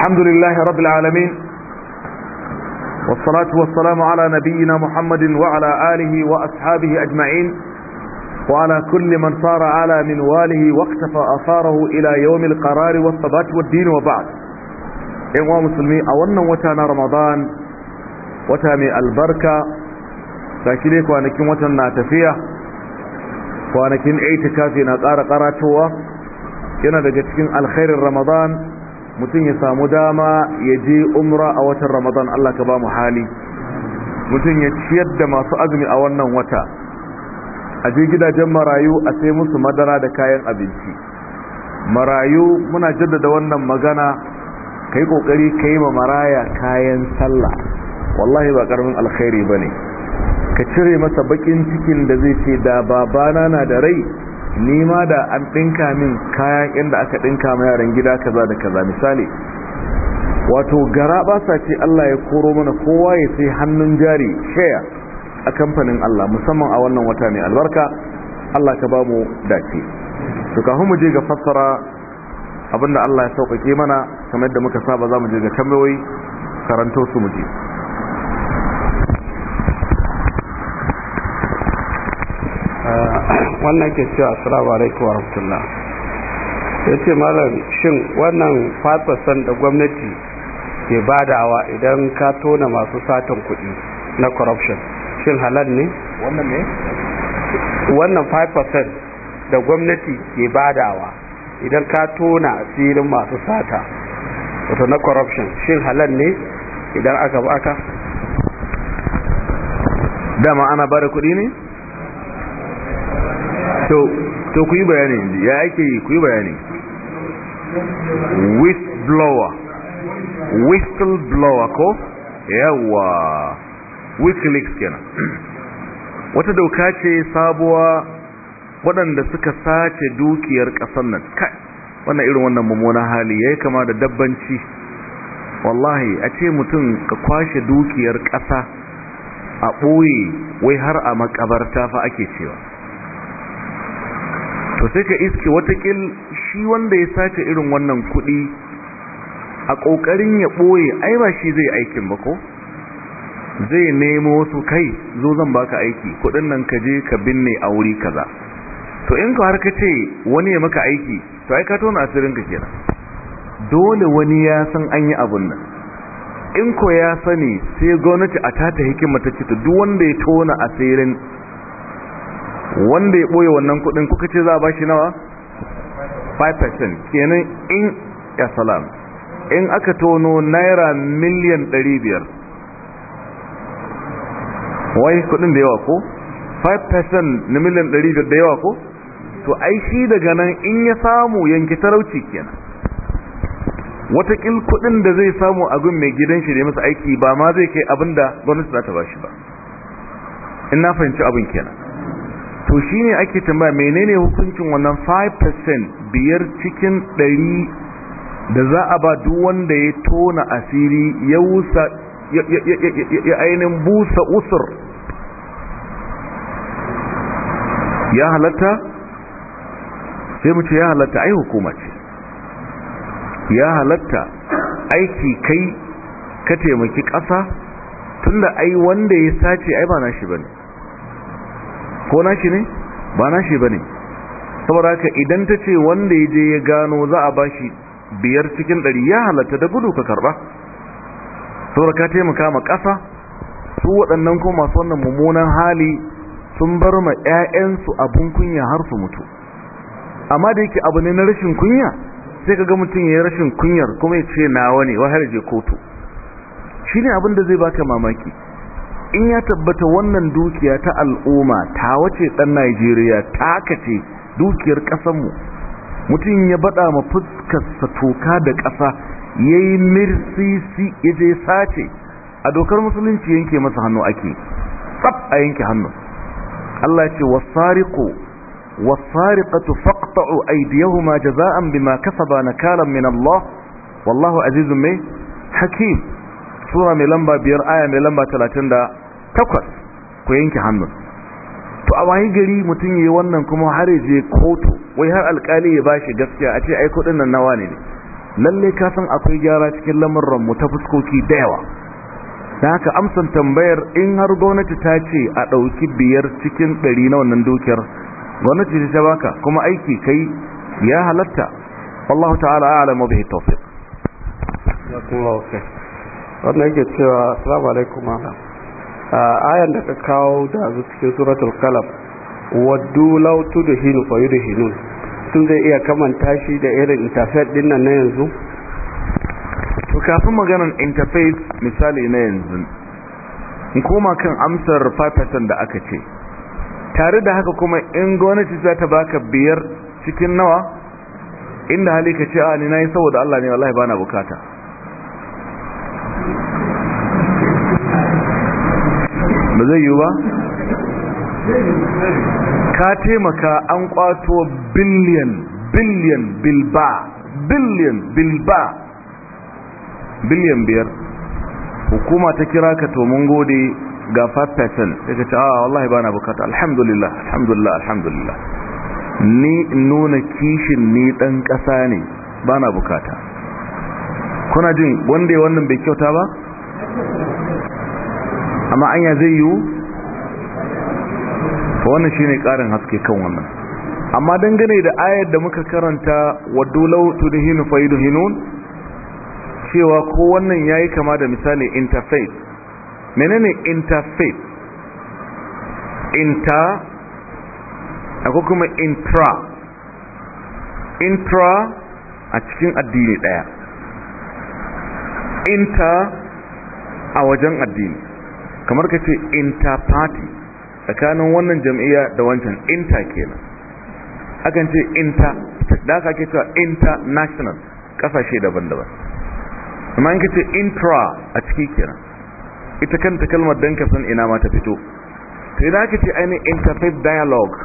الحمد لله رب العالمين والصلاة والسلام على نبينا محمد وعلى آله وأصحابه أجمعين وعلى كل من صار على منواله واقتفى أثاره إلى يوم القرار والثبات والدين وبعد إنواء مسلمي أولنا وتانا رمضان وتامي البركة فاكليك وانكين وتنا تفيه وانكين ايتكافي نقار قراتوا yana daga cikin alkhairin ramadan mutum ya samu dama ya je umra a watan ramadan Allah ka ba mu hali mutum ya ciyar da masu azumi a wannan wata a je gidajen marayu a sai musu madara da kayan abinci marayu muna jaddada wannan magana ka yi ƙoƙari ka yi ma maraya kayan sallah wallahi ba ƙaramin alkhairi ba ne ka cire masa baƙin cikin da zai ce da babana na da rai ni ma da an ɗinka min kayan inda aka ɗinka ma yaran gida kaza da kaza misali wato gara basa ce Allah ya koro mana kowa ya sai hannun jari shaya a kamfanin Allah musamman a wannan wata ne, albarka Allah ka bamu dace to kafin mu je ga fassara abinda Allah ya sauƙaƙe mana kamar yadda muka saba za mu je ga tambayoyi karanto su mu je Eh, wannan ke cewa assalamu alaikum wa rahmatullah ya ce malam shin wannan fatsasan da gwamnati ke badawa idan ka tona masu satan kuɗi na corruption shin halal ne? wannan ne? wannan 5% da gwamnati ke badawa idan ka tona asirin masu sata wato na corruption shin halal ne idan aka baka? dama ana bada kuɗi ne? to to ku yi bayani ya ake yi ku yi bayani whistleblower whistleblower ko yawa wikileaks kenan wata doka ce sabuwa waɗanda suka sace dukiyar ƙasar nan kai wannan irin wannan mummunan hali ya yi kama da dabbanci wallahi a ce mutum ka kwashe dukiyar ƙasa a ɓoye wai har a makabarta fa ake cewa to sai ka iske watakil shi wanda ya sace irin wannan kuɗi a ƙoƙarin ya ɓoye ai ba shi zai aikin ba ko zai nemo wasu kai zo zan baka aiki kuɗin nan ka je ka binne a wuri kaza to in ka har ka ce wani ya maka aiki to ai ka tona asirin ka kenan dole wani ya san an yi abun nan in ko ya sani sai gwamnati a tata hikima ta ce duk wanda ya tona asirin wanda ya ɓoye wannan kuɗin kuka ce za a bashi nawa 5% kenan in ya salam in aka tono naira miliyan 500 wai kuɗin da yawa ko 5% na miliyan 500 da yawa ko to ai shi daga nan in ya samu yanki talauci kenan watakil kuɗin da zai samu a gun mai gidan shi da masa aiki ba ma zai kai abinda gwamnati za ta bashi ba in na fahimci abin kenan to shi ne ake tambaya menene hukuncin wannan 5% biyar cikin ɗari da za a ba duk wanda ya tona asiri ya wusa ya ainihin busa usur ya halatta sai mu ce ya halatta ai hukuma ce ya halatta aiki kai ka taimaki ƙasa tunda ai wanda ya sace ai ba na shi bane ko nashi ne ba nashi ba ne saboda haka idan ta ce wanda ya je ya gano za a ba biyar cikin ɗari ya halatta da gudu ka karɓa saboda ka taimaka ma ƙasa su waɗannan kuma masu wannan mummunan hali sun bar ma 'ya'yansu abin kunya har su mutu amma da yake abu ne na rashin kunya sai ka ga mutum ya yi rashin kunyar kuma ya ce nawa ne wahar je kotu shi ne abin da zai baka mamaki in ya tabbata wannan dukiya ta al'umma ta wace dan Najeriya ta kace dukiyar kasar mu mutum ya bada ma fuskar sa toka da kasa yayi mirsisi yaje sace a dokar musulunci yanke masa hannu ake tsaf a yanke hannu Allah ya ce wasariqu wasariqatu faqta'u aydiyahuma jaza'an bima kasaba nakalan min Allah wallahu azizun mai hakim sura mai lamba biyar aya mai lamba talatin da takwas ku yanke hannu to a wani gari mutum yi wannan kuma har je kotu wai har alkali ya bashi gaskiya a ce ai kudin nan nawa ne lalle ka san akwai gyara cikin lamarin mu ta fuskoki da yawa da haka amsan tambayar in har gwamnati ta ce a ɗauki biyar cikin ɗari na wannan dukiyar gwamnati ta baka kuma aiki kai ya halatta wallahu ta'ala a'lamu bihi tawfiq wannan yake cewa assalamu alaikum malam ayan da ka kawo da cikin suratul kalam waddu law tudhinu fayudhinun tun zai iya kamanta shi da irin interface din nan na yanzu to kafin maganar interface misali na yanzu in koma kan amsar 5% da aka ce tare da haka kuma in gwamnati za ta baka biyar cikin nawa inda hali ka ce a ni nayi saboda Allah ne wallahi bana bukata ba zai yi ba ka taimaka an kwato biliyan biliyan bilba biliyan bilba biliyan biyar hukuma ta kira ka to mun gode ga 5% ya ka ce ah wallahi ba na bukata alhamdulillah alhamdulillah alhamdulillah ni nuna kishin ni dan kasa ne ba na bukata kuna jin wanda wannan bai kyauta ba amma anya zai yiwu wannan shine karin haske kan wannan amma dangane da ayar da muka karanta da law tudhinu fayudhinun cewa ko wannan yi kama da misali interfaith menene interfaith inter akwai kuma intra intra a cikin addini daya inter a wajen addini kamar ka ce inter-party tsakanin wannan jam'iyya da wancan inter kenan akan ce inter da aka ke cewa international kasashe daban-daban amma in ka ce intra a ciki kenan ita kanta kalmar don ka san ina ma ta fito to yi da aka ce ainihin interfaith dialogue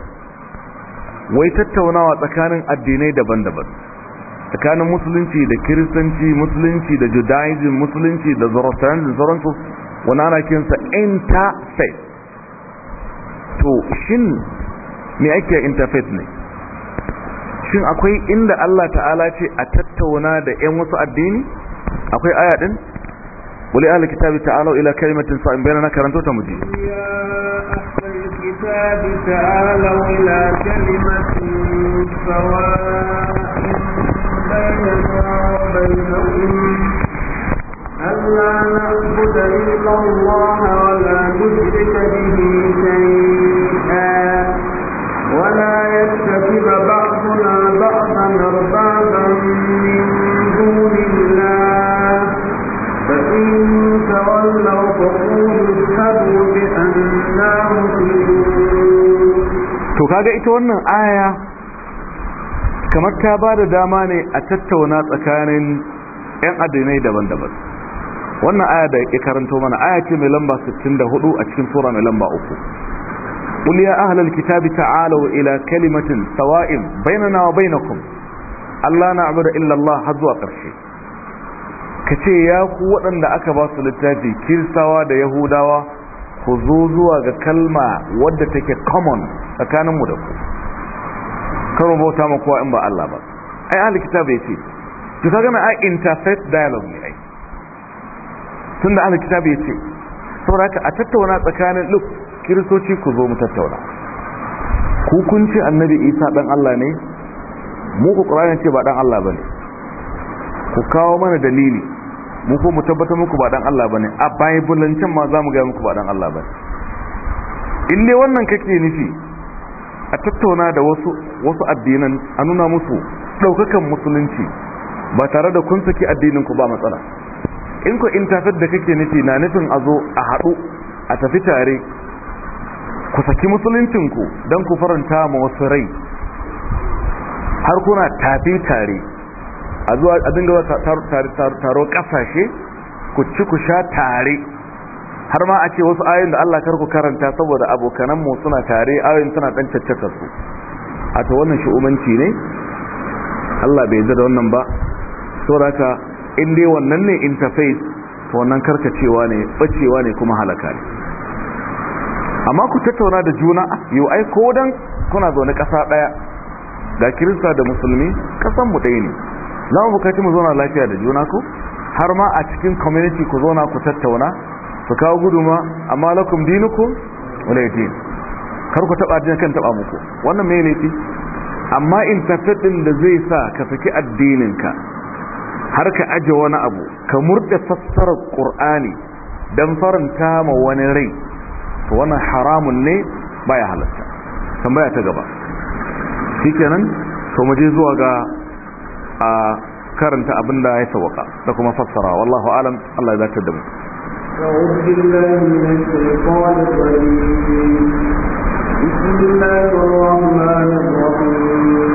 wai tattaunawa tsakanin addinai daban-daban tsakanin musulunci da kiristanci musulunci da judaism musulunci da zoroastrianism sauransu wani ana kinsa interfaith to shin me ake interfaith ne shin akwai inda Allah ta'ala ce a tattauna da ƴan wasu addini akwai aya din wali ahli kitabi ta'ala ila kalimatin sa'in na karanto ta muji الكتاب تعالوا إلى كلمة سواء بيننا وبينهم ألا نعبد إلا الله ولا نشرك به شيئا ولا يتخذ بعضنا بعضا أربابا من دون الله فإن تولوا فقولوا بأننا مسلمون to kaga ita wannan aya kamar ta bada dama ne a tattauna tsakanin 'yan addinai daban-daban wannan aya da ya karanto mana aya ce mai lamba 64 a cikin sura mai lamba 3 qul ya ahlal kitabi ta'alu ila kalimatin sawa'in bainana wa bainakum na na'budu illa Allah har zuwa ƙarshe kace ya ku waɗanda aka ba su littafi kirsawa da yahudawa ku zo zuwa ga kalma wadda take common tsakaninmu da ku karo bauta ma in ba Allah ba ai ahlal kitabi yace to kaga interfaith dialogue ne ai tun da ahlul kitabi ya ce saboda a tattauna tsakanin luk kiristoci ku zo mu tattauna ku kun ce annabi isa dan allah ne mu ku qur'ani ce ba dan allah bane ku kawo mana dalili mu ku mu tabbatar muku ba dan allah bane a bible ma zamu mu ga muku ba dan allah bane in ne wannan kake nufi a tattauna da wasu addinan a nuna musu ɗaukakan musulunci ba tare da kun saki addinin ku ba matsala in ko intafet da kake nufi na nufin a zo a haɗu a tafi tare ku saki musuluncinku don ku faranta ma wasu rai har kuna tafi tare a zuwa a dinga taro ƙasashe ku ci ku sha tare har ma a ce wasu ayin da Allah kar ku karanta saboda abokananmu suna tare ayin suna ɗan caccaka su a ta wannan shi'umanci ne Allah bai da wannan ba saboda haka in dai wannan ne interface to wannan karkacewa ne bacewa ne kuma halaka ne amma ku tattauna da juna yau ai ko dan kuna zaune kasa ɗaya ga kirista da musulmi kasan mu ɗaya ne za mu bukaci mu zauna lafiya da juna ku? har ma a cikin community ku zauna ku tattauna su kawo guduma amma lakum dinuku walai din kar ku taba jin kan taba muku wannan me ne amma interface din da zai sa ka saki addininka har ka aje wani abu ka murda fassarar ƙur'ani don faranta ma wani rai to wannan haramun ne baya halatta tambaya ta gaba shikenan to mu je zuwa ga a karanta abin da ya sauka da kuma fassara wallahu alam Allah ya zata da mu أعوذ بالله من الشيطان الرجيم بسم الله الرحمن الرحيم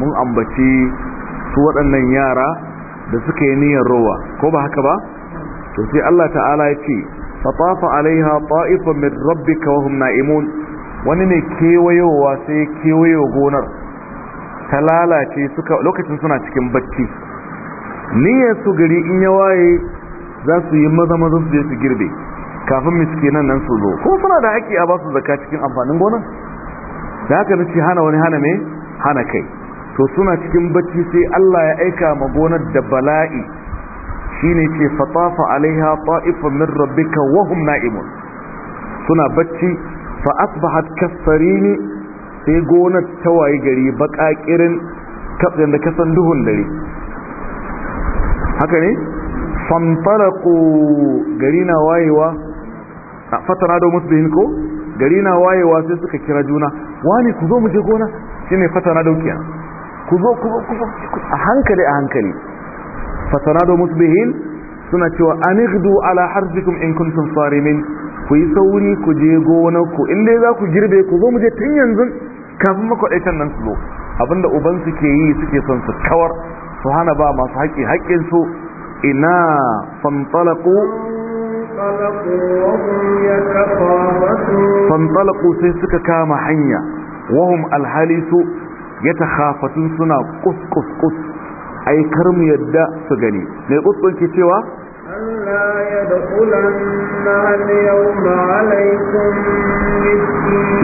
mun ambaci su waɗannan yara da suka yi niyyar rowa ko ba haka ba to sai Allah ta'ala ya ce fatafa alaiha ta'ifun min rabbika wa hum na'imun wani ne kewayowa sai kewayo gonar ta lalace suka lokacin suna cikin bacci niyyar su gari in ya waye za su yi maza maza su je su girbe kafin miskinan nan nan su zo ko suna da haƙi a ba su zakka cikin amfanin gonar da haka nace hana wani hana me hana kai to suna cikin bacci sai Allah ya aika ma gonar da bala'i shine ce fatafa alaiha ta'ifun min rabbika wa hum na'imun suna bacci fa asbahat kasfarini sai gonar ta waye gari bakakirin kafin da kasan duhun dare haka ne fantaraku gari na wayewa a fatana da musulmi ko gari na wayewa sai suka kira juna wani ku zo mu je gona shine fatana daukiya ku zo ku zo ku zo a hankali a hankali fasanado musbihin suna cewa anigdu ala harzikum in kuntum sarimin ku yi sauri ku je gonar ku in za ku girbe ku zo mu je tun yanzu kafin makwaɗaitan nan su zo abinda uban su ke yi suke son su kawar su hana ba masu haƙi haƙƙin su ina fantalaku fantalaku sai suka kama hanya wahum alhali su ya ta hafatun suna kuskuskus ai mu yadda su gani mai kus cewa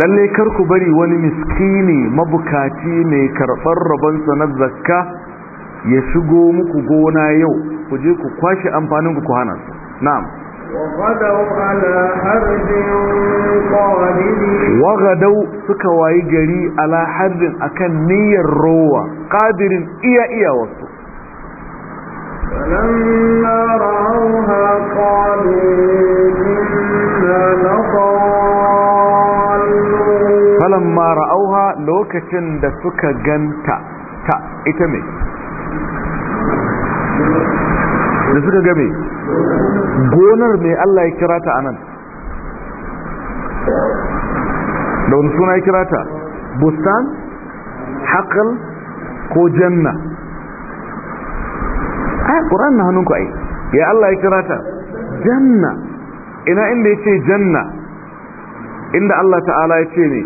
Lallai kar ku bari wani miskini mabukaci mai karɓar rabonsa na zakka ya shigo muku gona yau ku je ku kwashe amfanin ku hana su na'am wagadau suka wayi gari ala harbin akan niyyar rowa qadirin iya iya wasu فلما رأوها قالوا إنا لضالون فلما رأوها لوكتن دسك جنتا تا إتمي دسك جمي gonar mai Allah ya kira ta anan da wani suna ya kira ta bustan haƙal ko janna ai ƙuran na hannun ai ya Allah ya kira ta janna ina inda ya ce janna inda Allah ta'ala ya ce ne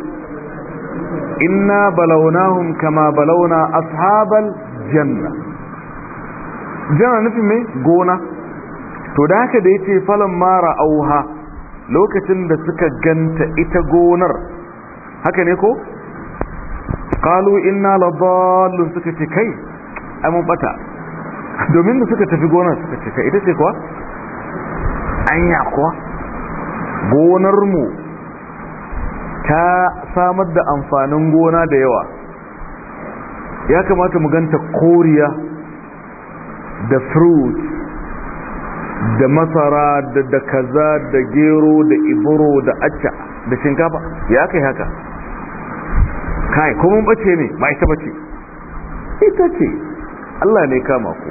inna balaunahum kama balauna ashabal janna janna nufin mai gona to da haka da ce falan mara auha lokacin da suka ganta ita gonar haka ne ko qalu inna ladallun suka ce kai ai mun bata domin da suka tafi gonar suka ce kai ita ce kuwa anya kuwa gonar mu ta samar da amfanin gona da yawa ya kamata mu ganta koriya da fruit da masara da da kaza da gero da iburo da acca da shinkafa ya kai haka kai kuma bace ne ba ita bace ita ce Allah ne kama ku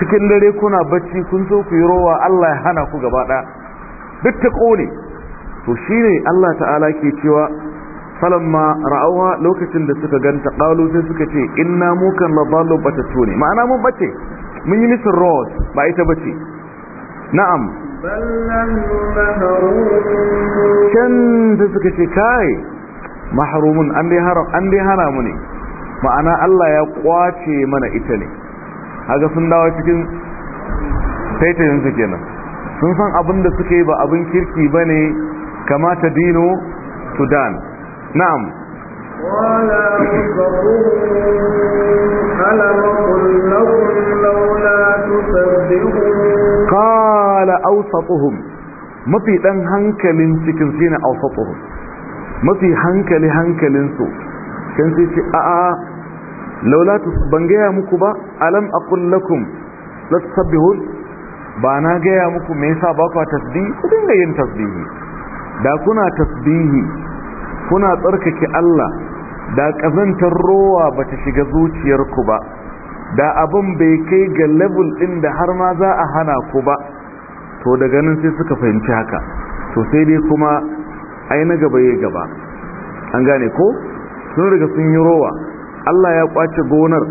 cikin dare kuna bacci kun zo ku yi rowa Allah ya hana ku gaba ɗaya duk ta kone. to shine Allah ta'ala ke cewa falamma ra'awa lokacin da suka ganta qalu sai suka ce inna mukan la batattu ne ma'ana mun bace mun yi misin road ba ita ba ce na'am can da suka ce kai maharumin an dai hana mu ne ma'ana Allah ya kwace mana ita ne haka sun dawo cikin su kenan sun san abin da suka yi ba abin kirki bane ne kamata dino sudan na'am قال ألم mafi ɗan hankalin cikin shi ne mafi hankali hankalinsu can sai ce a'a laulatu ban gaya muku ba alam aqul lakum latasbihun ba na gaya muku me yasa ba ku tasbihi ku dinga yin tasbihi da kuna tasbihi kuna tsarkake Allah da ƙazantar rowa ba ta shiga zuciyarku ba da abin bai kai ga level ɗin da har ma za a hana ku ba to daga nan sai suka fahimci haka to sai dai kuma ai na gaba ya gaba an gane ko sun riga sun yi rowa Allah ya kwace gonar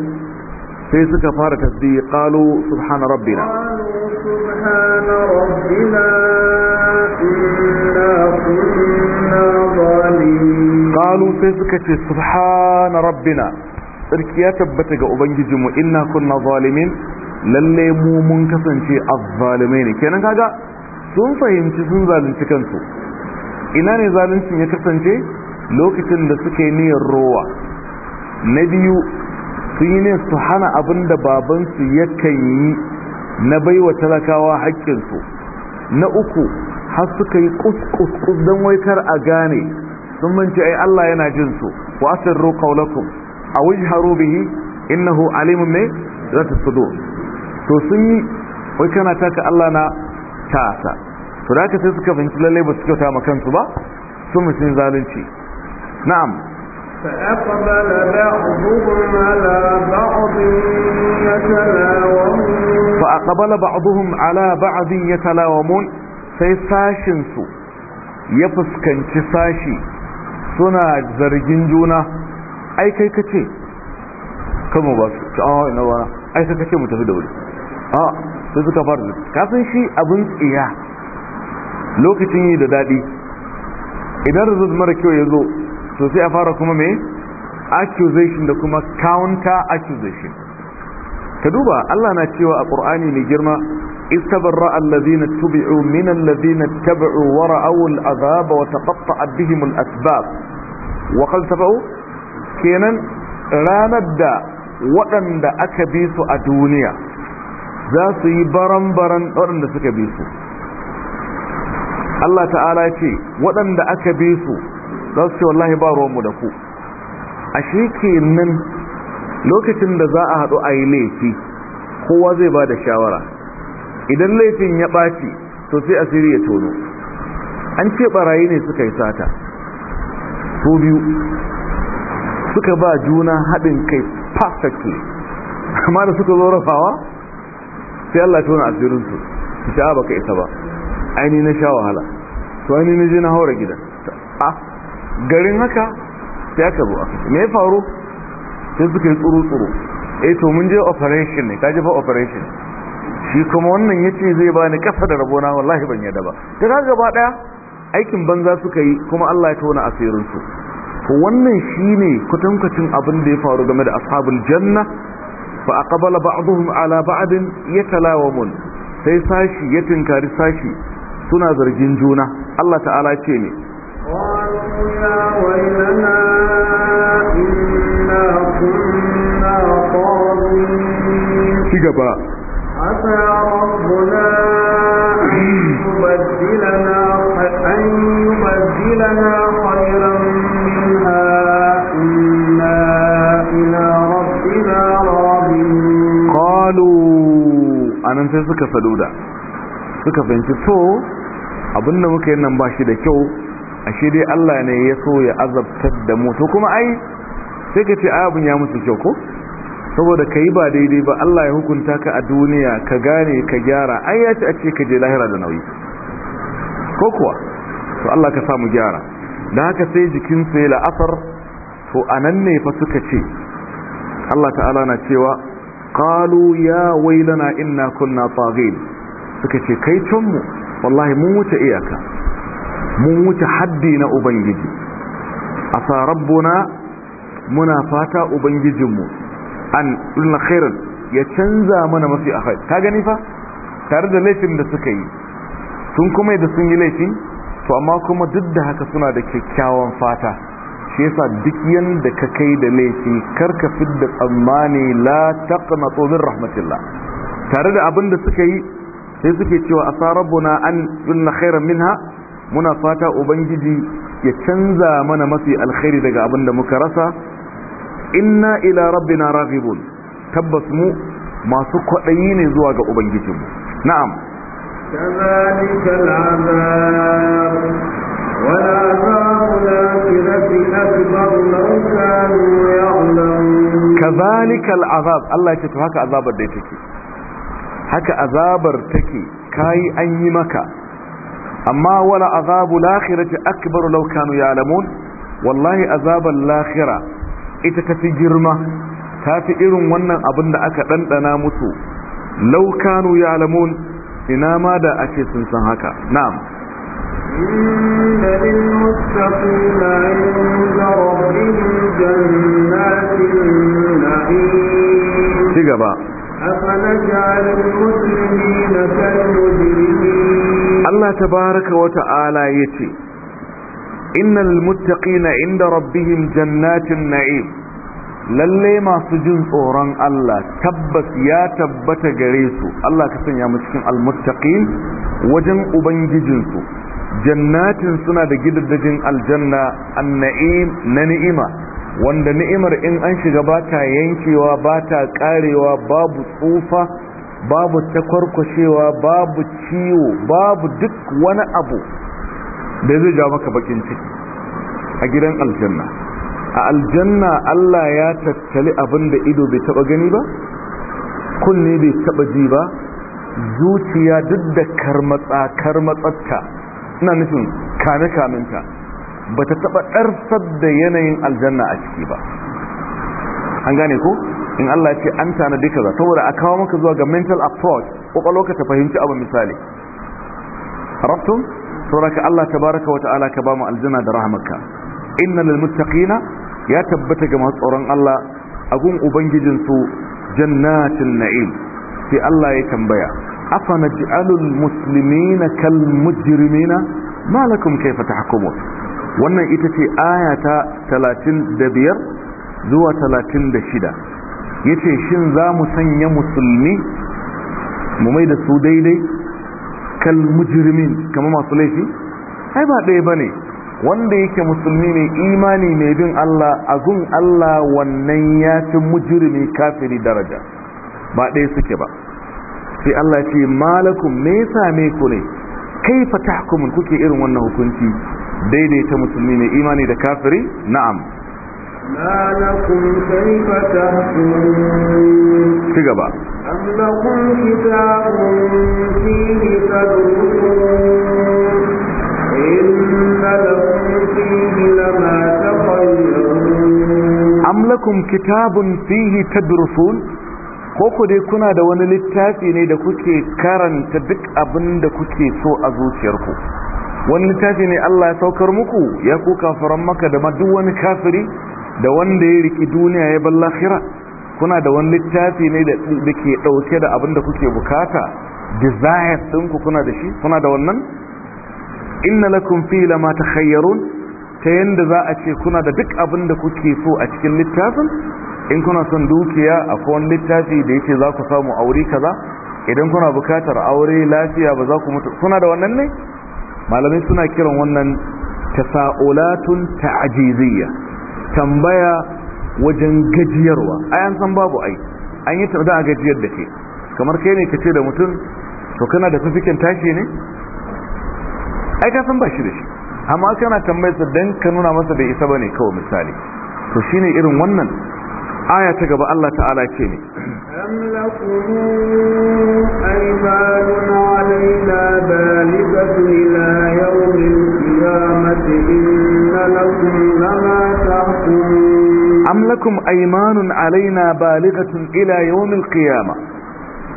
sai suka fara tasbihi qalu subhana rabbina subhana rabbina inna kunna zalimin kalu sai suka ce subhana rabbina sarki ya tabbata ga ubangijinmu inna kunna zalimin lalle mu mun kasance azzalimai ne kenan kaga sun fahimci sun zalunci kansu ina ne zaluncin ya kasance lokacin da suke niyyar rowa na biyu sun yi ne su hana abin da babansu yakan yi na baiwa talakawa haƙƙinsu na uku har suka yi kus kus don waikar a gane sun manci ai Allah yana jin su wa asirru qawlakum aw ijharu bihi innahu alimun ne zata sudur to sun yi wai kana taka Allah na tasa to da sai suka fahimci lalle ba su kyauta ma kansu ba sun mutun zalunci na'am فأقبل بعضهم على بعض يتلاومون فأقبل بعضهم على بعض يتلاومون sai sashinsu ya fuskanci sashi suna zargin juna ai kai ka ce kama ba su ta awa ah, ina wana ai ka ce mu tafi da wuri a ah, sai suka fara da kafin shi abin tsiya lokacin yi da daɗi idan result mara kyau ya zo to sai a fara kuma mai accusation da kuma counter accusation ka duba Allah na cewa a ƙur'ani mai girma istabarra tubi'u min tabi'u wa ra'aw al'azaba wa taqatta'at wa kenan ranar da waɗanda aka bi su a duniya za su yi baran-baran waɗanda suka bi su Allah ta'ala ce waɗanda aka bi su za su ce wallahi ba ruwanmu da ku a kenan lokacin da za a haɗu a yi laifi kowa zai ba da shawara idan laifin ya ɓaci to sai asiri ya tono an ce ɓarayi ne suka yi sata su biyu suka ba juna haɗin kai perfectly amma da suka zo rafawa sai Allah tona asirinsu su sha baka ita ba aini na sha wahala to aini na je na haura gida a garin haka sai aka zo me ya faru sai suka yi tsuru-tsuru eh to mun je operation ne kaji ba operation shi kuma wannan ce zai bani kasa da rabona wallahi ban yada ba ta gaba daya aikin banza suka yi kuma Allah ya tona asirinsu wannan shine kwatankwacin abin da ya faru game da ashabul janna fa aqbala ba'dhum ala ba'd yatalawamun sai sashi ya tinkari sashi suna zargin juna Allah ta'ala ce ne ci gaba sai suka saluda suka fahimci to abinda muka yi nan ba shi da kyau ashe dai Allah ne ya so ya azabtar da mu to kuma ai sai ka ce abin ya musu kyau ko saboda ka yi ba daidai ba Allah ya hukunta ka a duniya ka gane ka gyara an ya ce a ce ka je lahira da nauyi ko kuwa to Allah ka samu gyara da haka sai jikinsu ya la'afar. to anan ne fa suka ce Allah ta'ala na cewa qalu ya wailana inna kunna taghin suka ce kai mu. wallahi mun wuce iyaka mun wuce haddi na ubangiji asa rabbuna muna fata ubangijinmu an ulna khairan ya canza mana mafi akhai ka gani fa tare da laifin da suka yi sun kuma da sun yi laifi to amma kuma duk da haka suna da kyakkyawan fata shi yasa duk yanda ka kai da laifi kar ka fidda tsammani la taqnatu min rahmatillah tare da abin da suka yi sai suke cewa asa rabbuna an yulna khairan minha muna fata ubangiji ya canza mana mafi alkhairi daga abin da muka rasa inna ila rabbina raghibun tabbas mu masu kwaɗayi ne zuwa ga ubangijinmu na'am kazalika al'azab wala azabuna kirati akbar law kanu ya'lamun kazalika al'azab Allah ya ce to haka azabar da take haka azabar take kai an yi maka amma wala azabu lakhirati akbar law kanu ya'lamun wallahi azabal lakhirah ita ta fi girma ta fi irin wannan abin da aka ɗanɗana mutu laukanu ya lamun ina ma da ake sun san haka na'am ci gaba Allah ta baraka wata ala ya ce innal na inda rabbihim jannatin na'im lalle masu jin tsoron Allah tabbas ya tabbata gare su Allah ka sanya mu cikin almuttaqin wajen ubangijinsu jannatin suna da gidajen aljanna an-na'im na ni'ima wanda ni'imar in an shiga ba ta yankewa ba ta karewa babu tsufa babu takwarkwashewa babu ciwo babu duk wani abu da zai jawo maka bakin ciki a gidan aljanna a aljanna Allah ya tattali abin da ido bai taba gani ba kunne bai taba ji ba zuciya duk da karmatsa karmatsatta ina nufin kame kaminta ba ta taba ɗarsar da yanayin aljanna a ciki ba an gane ko in Allah ce an tanadi kaza saboda a kawo maka zuwa ga mental approach kwakwalwa ka ta fahimci abu misali rabtun sauraka Allah tabaraka wa ta'ala ka bamu aljanna da rahmarka inna lil muttaqina ya tabbata ga masu tsoron Allah agun ubangijin su jannatin na'im sai Allah ya tambaya afa naj'alul muslimina kal mujrimina ma lakum kayfa tahkumun wannan ita ce aya ta 35 zuwa 36 yace shin za mu sanya musulmi mu mai da su daidai kalmujrimin kamar masu laifi ai ba ɗaya ba ne wanda yake musulmi ne imani mai bin Allah a gun Allah wannan ya fi mujrimi kafiri daraja ba ɗaya suke ba sai Allah ce malakum me ya same ku ne kai fa fatahkumun kuke irin wannan hukunci daidai ta musulmi ne imani da kafiri na'am kai ما لكم كيف gaba. أم لكم كتاب فيه تدرسون إن لكم فيه لما تخيرون أم لكم كتاب فيه تدرسون ko dai kuna da wani littafi ne da kuke karanta duk abin da kuke so a zuciyarku wani littafi ne Allah ya saukar muku ya ku kafaran maka da ma duk wani kafiri da wanda ya riki duniya ya balla kuna da wani littafi ne da ke dauke da abin da kuke bukata desires ku kuna da shi kuna da wannan inna lakum fi lama takhayyarun ta yanda za a ce kuna da duk abin da kuke so a cikin littafin in kuna son dukiya akwai wani littafi da yake za ku samu aure kaza idan kuna bukatar aure lafiya ba za ku mutu kuna da wannan ne malamai suna kiran wannan tasa'ulatun ta'ajiziyya tambaya wajen gajiyarwa ayan san babu ai an yi tada a gajiyar da ke kamar kai ne ka ce da mutum to kana da fifikin tashi ne ai ka san ba shi da shi amma kana sa dan ka nuna masa bai isa bane kawai misali to shine irin wannan aya ta gaba Allah ta'ala ce ne إن لكم لما تحكمون am lakum aymanun alaina balighatun ila yawm qiyamah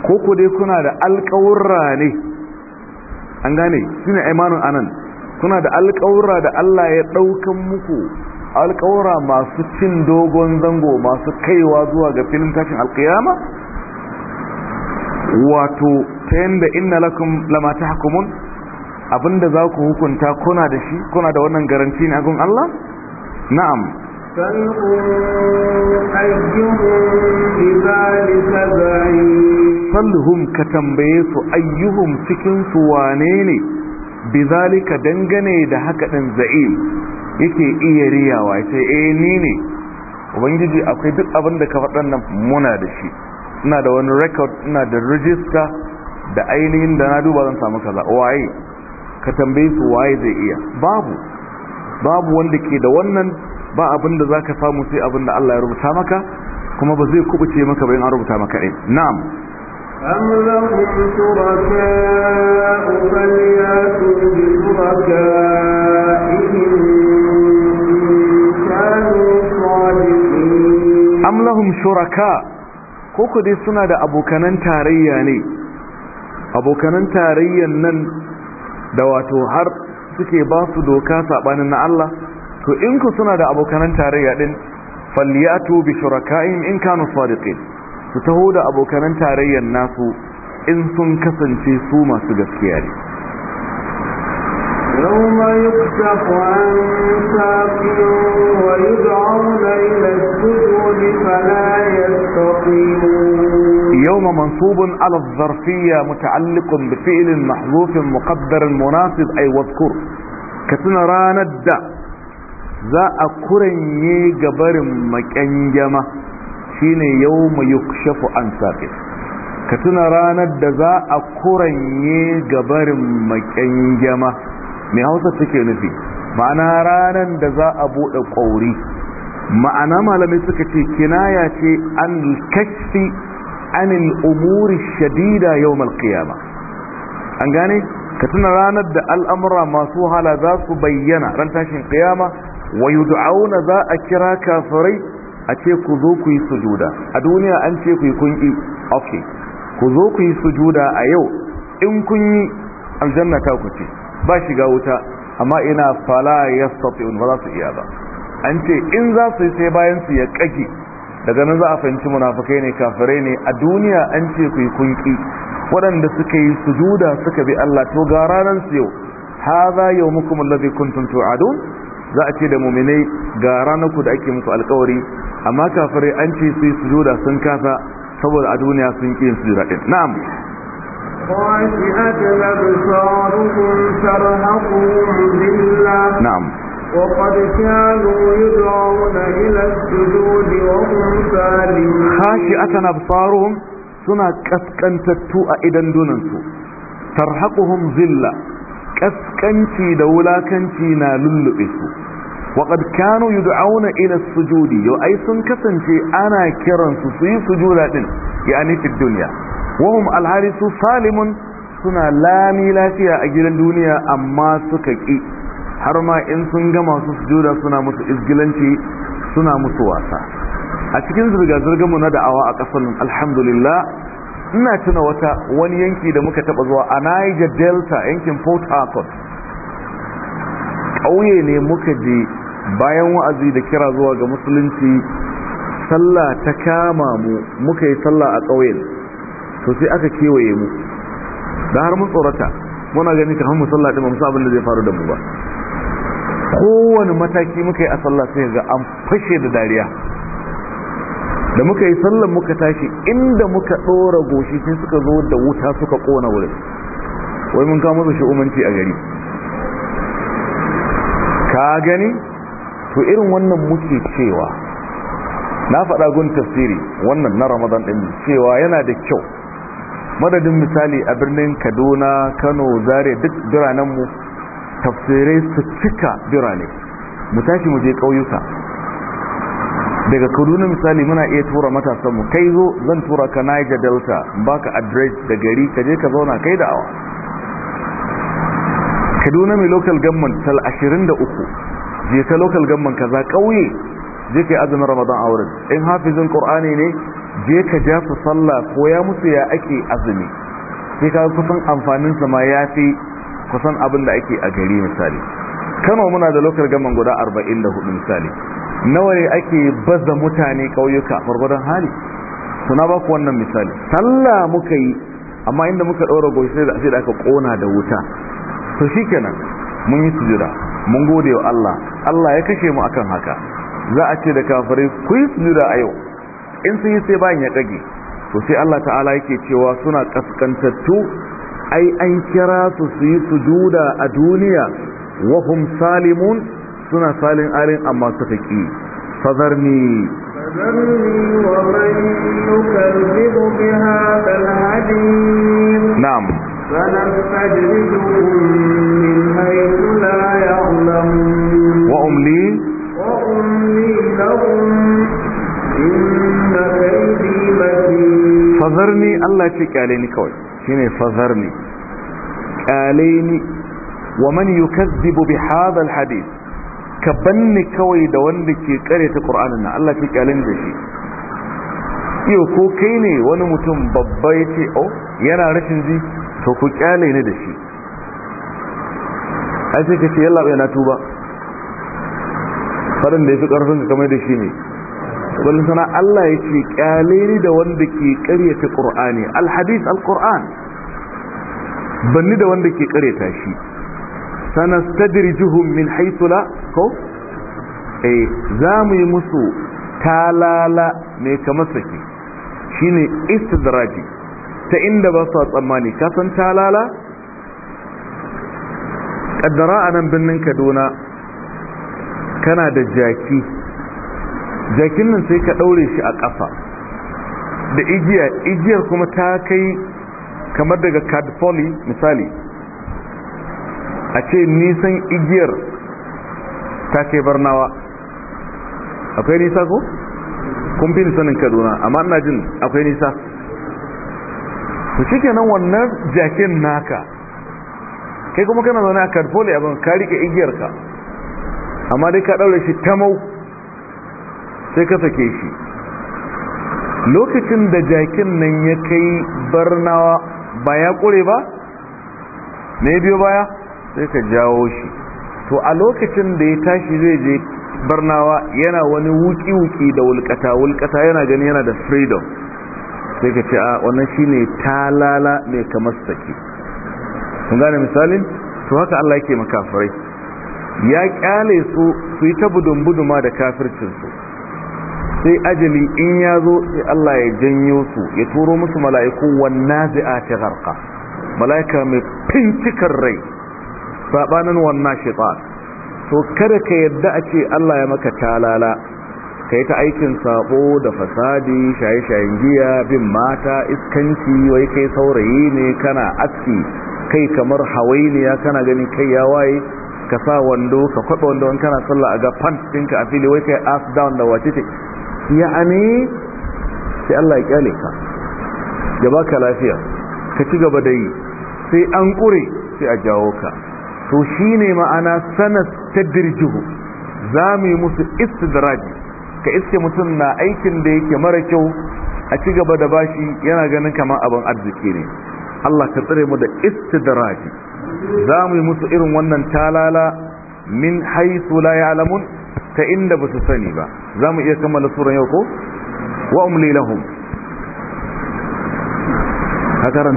ko ku dai kuna da alƙawurra ne an gane shine aymanun anan kuna da alƙawurra da Allah ya daukan muku alƙawura masu cin dogon zango masu kaiwa zuwa ga filin tashin alƙiyama wato ta yanda inna lakum lama tahkumun abinda za ku hukunta kuna da shi kuna da wannan garanti ne a Allah na'am falhum ka tambaye su ayyuhum cikin su wane ne bizalika dangane da haka ɗin za'il yake iya riyawa ce eh ni ne ubangiji akwai duk abin da ka faɗan nan muna da shi ina da wani record ina da rijista da ainihin da na duba zan samu kaza waye ka tambaye su waye zai iya babu babu wanda ke da wannan ba abin da ka samu sai abin da Allah ya rubuta maka kuma ba zai kubuce maka bayan an rubuta maka din na'am am lahum shuraka'u falyatu bi shuraka'ihim am lahum shuraka ko ku dai suna da abokanan tarayya ne abokanan tarayyan nan da wato har suke ba su doka sabanin na Allah to in ku suna da abokanan tarayya din falyatu bi shurakaihim in kanu sadiqin su taho da abokanan tarayyan nasu in sun kasance su masu gaskiya ne يوم يكشف عن ساق ويدعون إلى السجود فلا يستطيعون يوم منصوب على الظرفية متعلق بفعل محذوف مقدر مناسب أي واذكر كتن راند za a kuranye gabarin shi ne yau mai yukshafu an saƙi ka tuna ranar da za a kuranye gabarin maƙyangyama mai hausa suke nufi ma'ana ranar da za a buɗe ƙauri ma'ana malamai suka ce kinaya ce an kashi anil umuri shadida yau malƙiyama an gane ka tuna ranar da al'amura masu hala za su bayyana ran tashin ƙiyama wayu du'auna za a kira kafirai a ce ku zo ku yi sujuda a duniya an ce ku yi kun okay ku zo ku yi sujuda a yau in kun yi aljanna ta ku ce ba shiga wuta amma ina fala yastati'un ba za su iya ba an ce in za su yi sai bayan su ya kake daga nan za a fahimci munafikai ne kafirai ne a duniya an ce ku yi kunki waɗanda suka yi sujuda suka bi Allah to ga ranar su yau hadha yawmukum alladhi kuntum tu'adun za a ce da muminai ga ranaku da ake muku alkawari amma kafirai an ce su yi sujuda sun kasa saboda a duniya sun ƙi yin sujuda ɗin na'am na'am وقد كانوا يدعون إلى السجود وهم سالمون خاشئة أبصارهم سنة كسكنتتو ترهقهم ذلة kaskanci da wulakanci na lullube su waƙad kanu yud'auna ila sujudi yau ai sun kasance ana kiransu su su yi sujuda ɗin yani fi duniya wahum alhali su salimun suna lami lafiya a gidan duniya amma suka ƙi, har ma in sun gama su sujuda suna musu izgilanci suna musu wasa a cikin zirga-zirgar mu na da'awa a ƙasar alhamdulillah ina tuna wata wani yanki da muka taba zuwa a niger delta yankin port harcourt ƙauye ne muka je bayan wa'azi da kira zuwa ga musulunci sallah ta kama mu muka yi sallah a ƙauyen to sai aka kewaye mu da har mun tsorata muna gani kamar mu sallah din ba mu abin da zai faru da mu ba kowane mataki muka yi a sallah sai ga an fashe da dariya da muka yi sallan muka tashi inda muka ɗora goshi sai suka zo da wuta suka ƙona wurin wai mun kama su shi'umanci a gari ka gani to irin wannan muke cewa na faɗa gun tasiri wannan na ramadan ɗin cewa yana da kyau madadin misali a birnin kaduna kano zare duk biranenmu tafsirai su cika birane mu tashi mu je ƙauyuka daga kaduna misali muna iya tura matasan mu kai zo zan tura ka niger delta baka address da gari ka je ka zauna kai da awa kaduna mai local government tal uku, je ta local government kaza kauye je yi azumin ramadan a wurin in hafizin qur'ani ne je ka ja su sallah ya musu ya ake azumi sai ka kusan amfanin sa ma yafi kusan abin da ake a gari misali kano muna da local government guda 44 misali nawa ne ake baza mutane ƙauyuka gwargwadon hali to na baku wannan misali sallah muka yi amma inda muka ɗora goyi sai da sai da aka ƙona da wuta to shikenan mun yi jira, mun gode wa Allah Allah ya kashe mu akan haka za a ce da kafirai ku yi jira a yau in sun yi sai bayan ya kage to sai Allah ta'ala yake cewa suna kaskantattu ai an kira su su yi sujuda a duniya wahum salimun suna salin alin amma suka ƙi fazarni na'am وأملي وأملي لهم إن كيدي متين فذرني الله يتكاليني كوي شيني فذرني قاليني ومن يكذب بهذا الحديث ka banni kawai da wanda ke kare ta ƙur'anin na Allah ke kyalin da shi iyo ko kai ne wani mutum babba ya ce oh yana rashin ji to ku kyale ni da shi ai sai ka ce yalla bai na tuba farin da ya fi ƙarfin ka kamar da shi ne wani sana Allah ya ce kyale ni da wanda ke al ƙur'ani alhadis alƙur'an banni da wanda ke ta shi sanastadrijuhum min haythu la ko eh zamu yi musu talala ne kamar saki shine istidraji ta inda ba su tsammani ka san talala kaddara a nan birnin kaduna kana da jaki jakin nan sai ka daure shi a ƙasa da igiya igiyar kuma ta kai kamar daga cardfoli misali a ce nisan igiyar ta ke barnawa akwai nisa ko? kun fi sanin kaduna amma ina jin akwai nisa su shi kenan wannan jakin naka kai kuma kana zaune a karfoli abin ka rike igiyarka amma dai ka ɗaure shi tamau sai ka sake shi lokacin da jakin nan ya kai barnawa ba ya ƙure ba yi biyo baya sai ka jawo shi to a lokacin da ya tashi zai je barnawa yana wani wuki-wuki da wulkata wulkata yana gani yana da freedom sai ka ce a wannan shi ne talala mai kamar sake sun gane misalin to haka Allah yake makafirai ya kyale su su yi ta budunbuduma buduma da kafircinsu sai ajali in ya zo sai Allah ya janyo su ya turo musu mala'iku wannan zai a ta mala'ika mai fincikar rai sabanin wannan shiqaq to kada ka yadda a ce Allah ya maka talala kai ta aikin sabo da fasadi shaye-shayen giya bin mata iskanci wai kai saurayi ne kana aski kai kamar hawainiya kana gani kai ya waye ka sa wando ka kwaba wando wani kana sallah a ga pants ɗinka a fili wai kai ask down da wace ce ya'ani sai Allah ya kyale ka ya baka lafiya ka ci gaba da yi sai an ƙure sai a jawo ka to shine ma'ana ta tadrijuhu za mu yi musu istidraji ka iske mutum na aikin da yake mara kyau a ci gaba da bashi yana ganin kamar abin arziki ne Allah ka tsare mu da istidraji za mu yi musu irin wannan talala min haisu la ya'lamun ta inda ba su sani ba za mu iya kammala suran yau ko wa umli lahum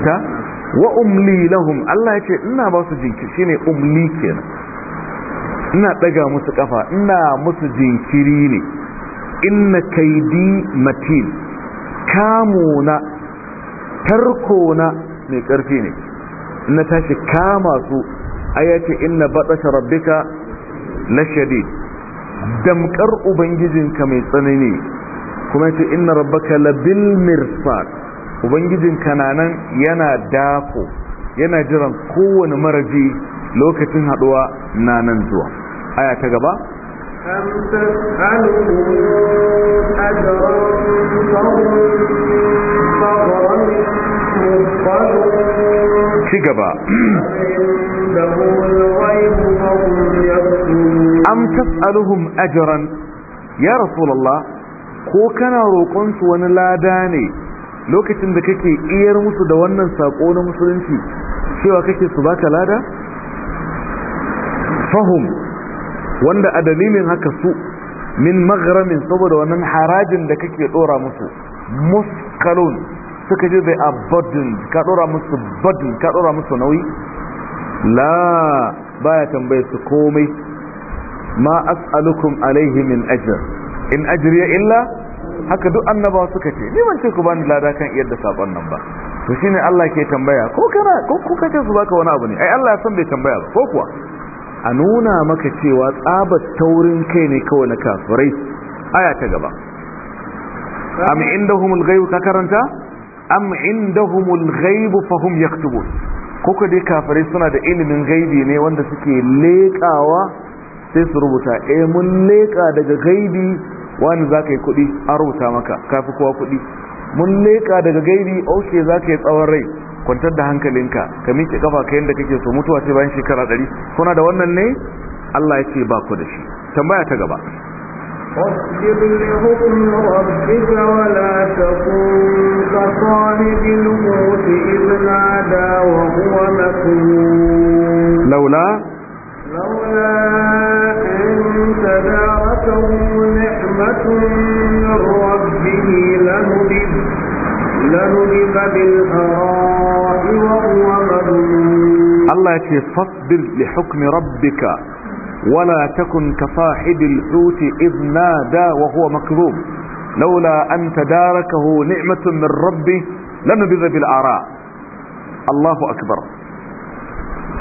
ka wa umli lahum Allah ya ce ina ba su jinkiri shine umli kenan ina ɗaga musu ƙafa, ina musu jinkiri ne inna kaidi matin kamuna tarkona mai karfi ne na tashi kama su ayyace inna batasha rabbika la shadid damkar ubangijinka mai tsanani kuma yace inna rabbaka labil mirsad ubangijin kananan yana dako yana jiran kowane maraji lokacin haduwa na nan zuwa aya ta gaba ci gaba am tas'aluhum ajran ya rasulullah ko kana roƙonsu wani lada ne lokacin da kake iyar musu da wannan sako na musulunci cewa kake su baka lada Fahim, wanda a dalilin haka su min magharamin saboda wannan harajin da kake dora musu muskalon suka je bai a burden ka dora musu burden ka dora musu nauyi la baya tambaye su komai ma as'alukum alaihi min ajr in ajriya illa haka duk annaba suka ce ni ban ce ku bani lada kan iyar da sakon nan ba to shine Allah ke tambaya ko kana ko ku kace su baka wani abu ne ai Allah ya san bai tambaya ba ko kuwa a nuna maka cewa tsabar taurin kai ne kawai na kafirai aya ta gaba am indahumul ghaib ka karanta am indahumul ghaib hum yaktubun ka dai kafirai suna da ilimin gaibi ne wanda suke lekawa sai su rubuta eh mun leka daga gaibi wani za ka yi kuɗi an rubuta maka kafi kowa kuɗi mun leƙa daga gairi oke za ka yi tsawon rai kwantar da hankalinka ka miƙe kafa ka yadda kake so mutuwa ce bayan shekara ɗari kuna da wannan ne allah ya ce ba ku da shi tambaya ta gaba laula لولا أن تداركه نعمة من ربه لنبذ الله يتي فاصبر لحكم ربك ولا تكن كصاحب الحوت إذ نادى وهو مكذوب لولا أن تداركه نعمة من ربه لنبذ بالآراء الله أكبر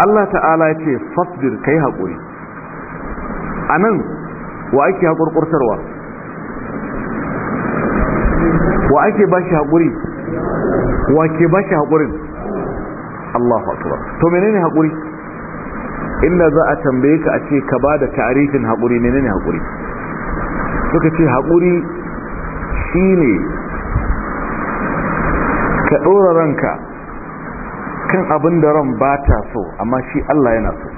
Allah ta'ala ya ce fasbir kai haƙuri a nan wa ake haƙurƙurtarwa wa ake ba shi haƙuri wa ke ba shi haƙurin Allahu akbar to menene haƙuri inda za a tambaye ka a ce ka ba da tarihin haƙuri menene haƙuri suka ce haƙuri shine ka ɗora ranka kan abin da ran ba ta so amma shi Allah yana so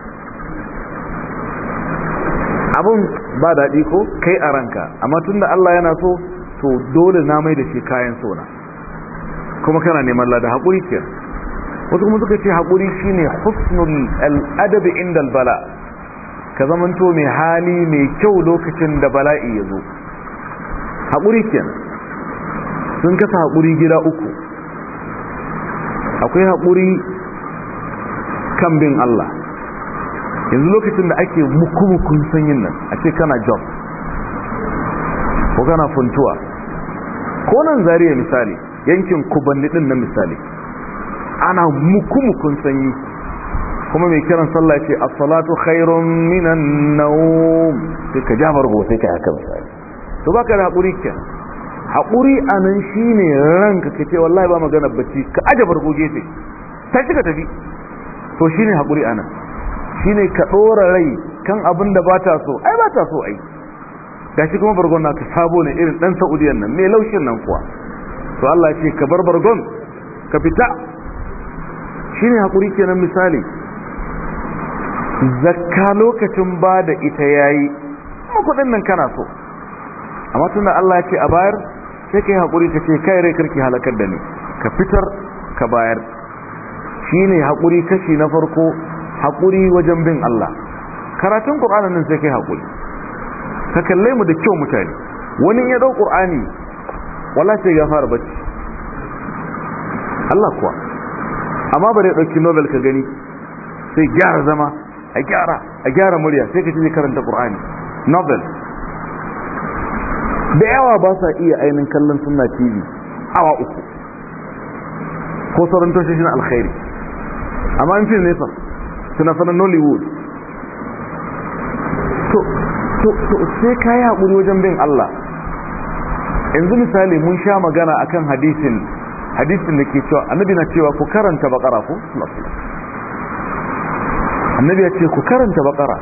abin ba daɗi ko kai a ranka amma tunda Allah yana so to dole na mai da shi kayan sona kuma kana neman lada haƙuri ke wasu kuma suka ce haƙuri shine husnul al'adabi inda bala ka zamanto mai hali mai kyau lokacin da bala'i ya zo haƙuri ke sun kasa haƙuri gida uku akwai haƙuri kan bin Allah yanzu lokacin da ake mukumukun sanyin nan a ce kana job ko kana funtuwa ko nan zariya misali yankin kubanni din na misali ana mukumukun sanyi kuma mai kiran sallah ce a salatu khairun minan nawm sai ka jamar go sai ka haka misali to ba ka da haƙuri kenan haƙuri a nan shi ne ranka ka ce wallahi ba magana bacci ka aje farko ce ta shiga ka tafi to shi ne haƙuri a nan shi ne ka ɗora rai kan abin da ba ta so ai ba ta so ai ga shi kuma bargon na ka sabo ne irin ɗan sa'udiyan nan mai laushin nan kuwa to Allah ce ka bar bargon ka fita shi ne haƙuri kenan misali zakka lokacin ba da ita yayi kuma kuɗin nan kana so amma tunda Allah ya ce a bayar sai ka yi haƙuri ka kai rai karki halakar da ni ka fitar ka bayar shine ne haƙuri kashi na farko haƙuri wajen bin Allah karatun ƙur'anin nan sai kai haƙuri ka kalle mu da kyau mutane wani ya ɗau ƙur'ani wala sai ya fara bacci Allah kuwa amma bare ɗauki novel ka gani sai gyara zama a gyara a gyara murya sai ka ce karanta ƙur'ani Novel. da yawa ba sa iya ainihin kallon suna tv awa uku ko sauran tashoshin alkhairi amma in fi nesa suna sana nollywood to sai ka yi haƙuri wajen bin allah yanzu misali mun sha magana akan hadisin hadisin da ke cewa annabi na cewa ku karanta bakara ko annabi ya ce ku karanta bakara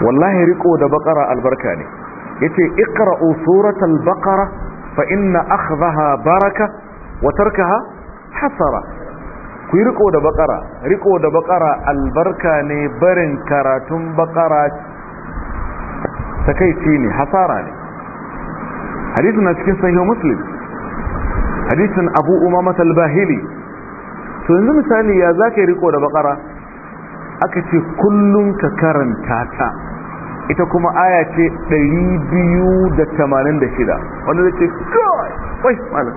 wallahi riko da bakara albarka ne yace iqra'u suratal baqara fa inna akhdaha baraka wa tarkaha hasara ku riko da baqara riko da baqara albarka ne barin karatun baqara takeici ne hasara ne hadisin cikin sahih muslim hadisin abu umama al-bahili to yanzu misali ya zaka riko da baqara aka ce kullum ka karanta ta ita kuma aya ce 286 wanda zai ce kawai wai malam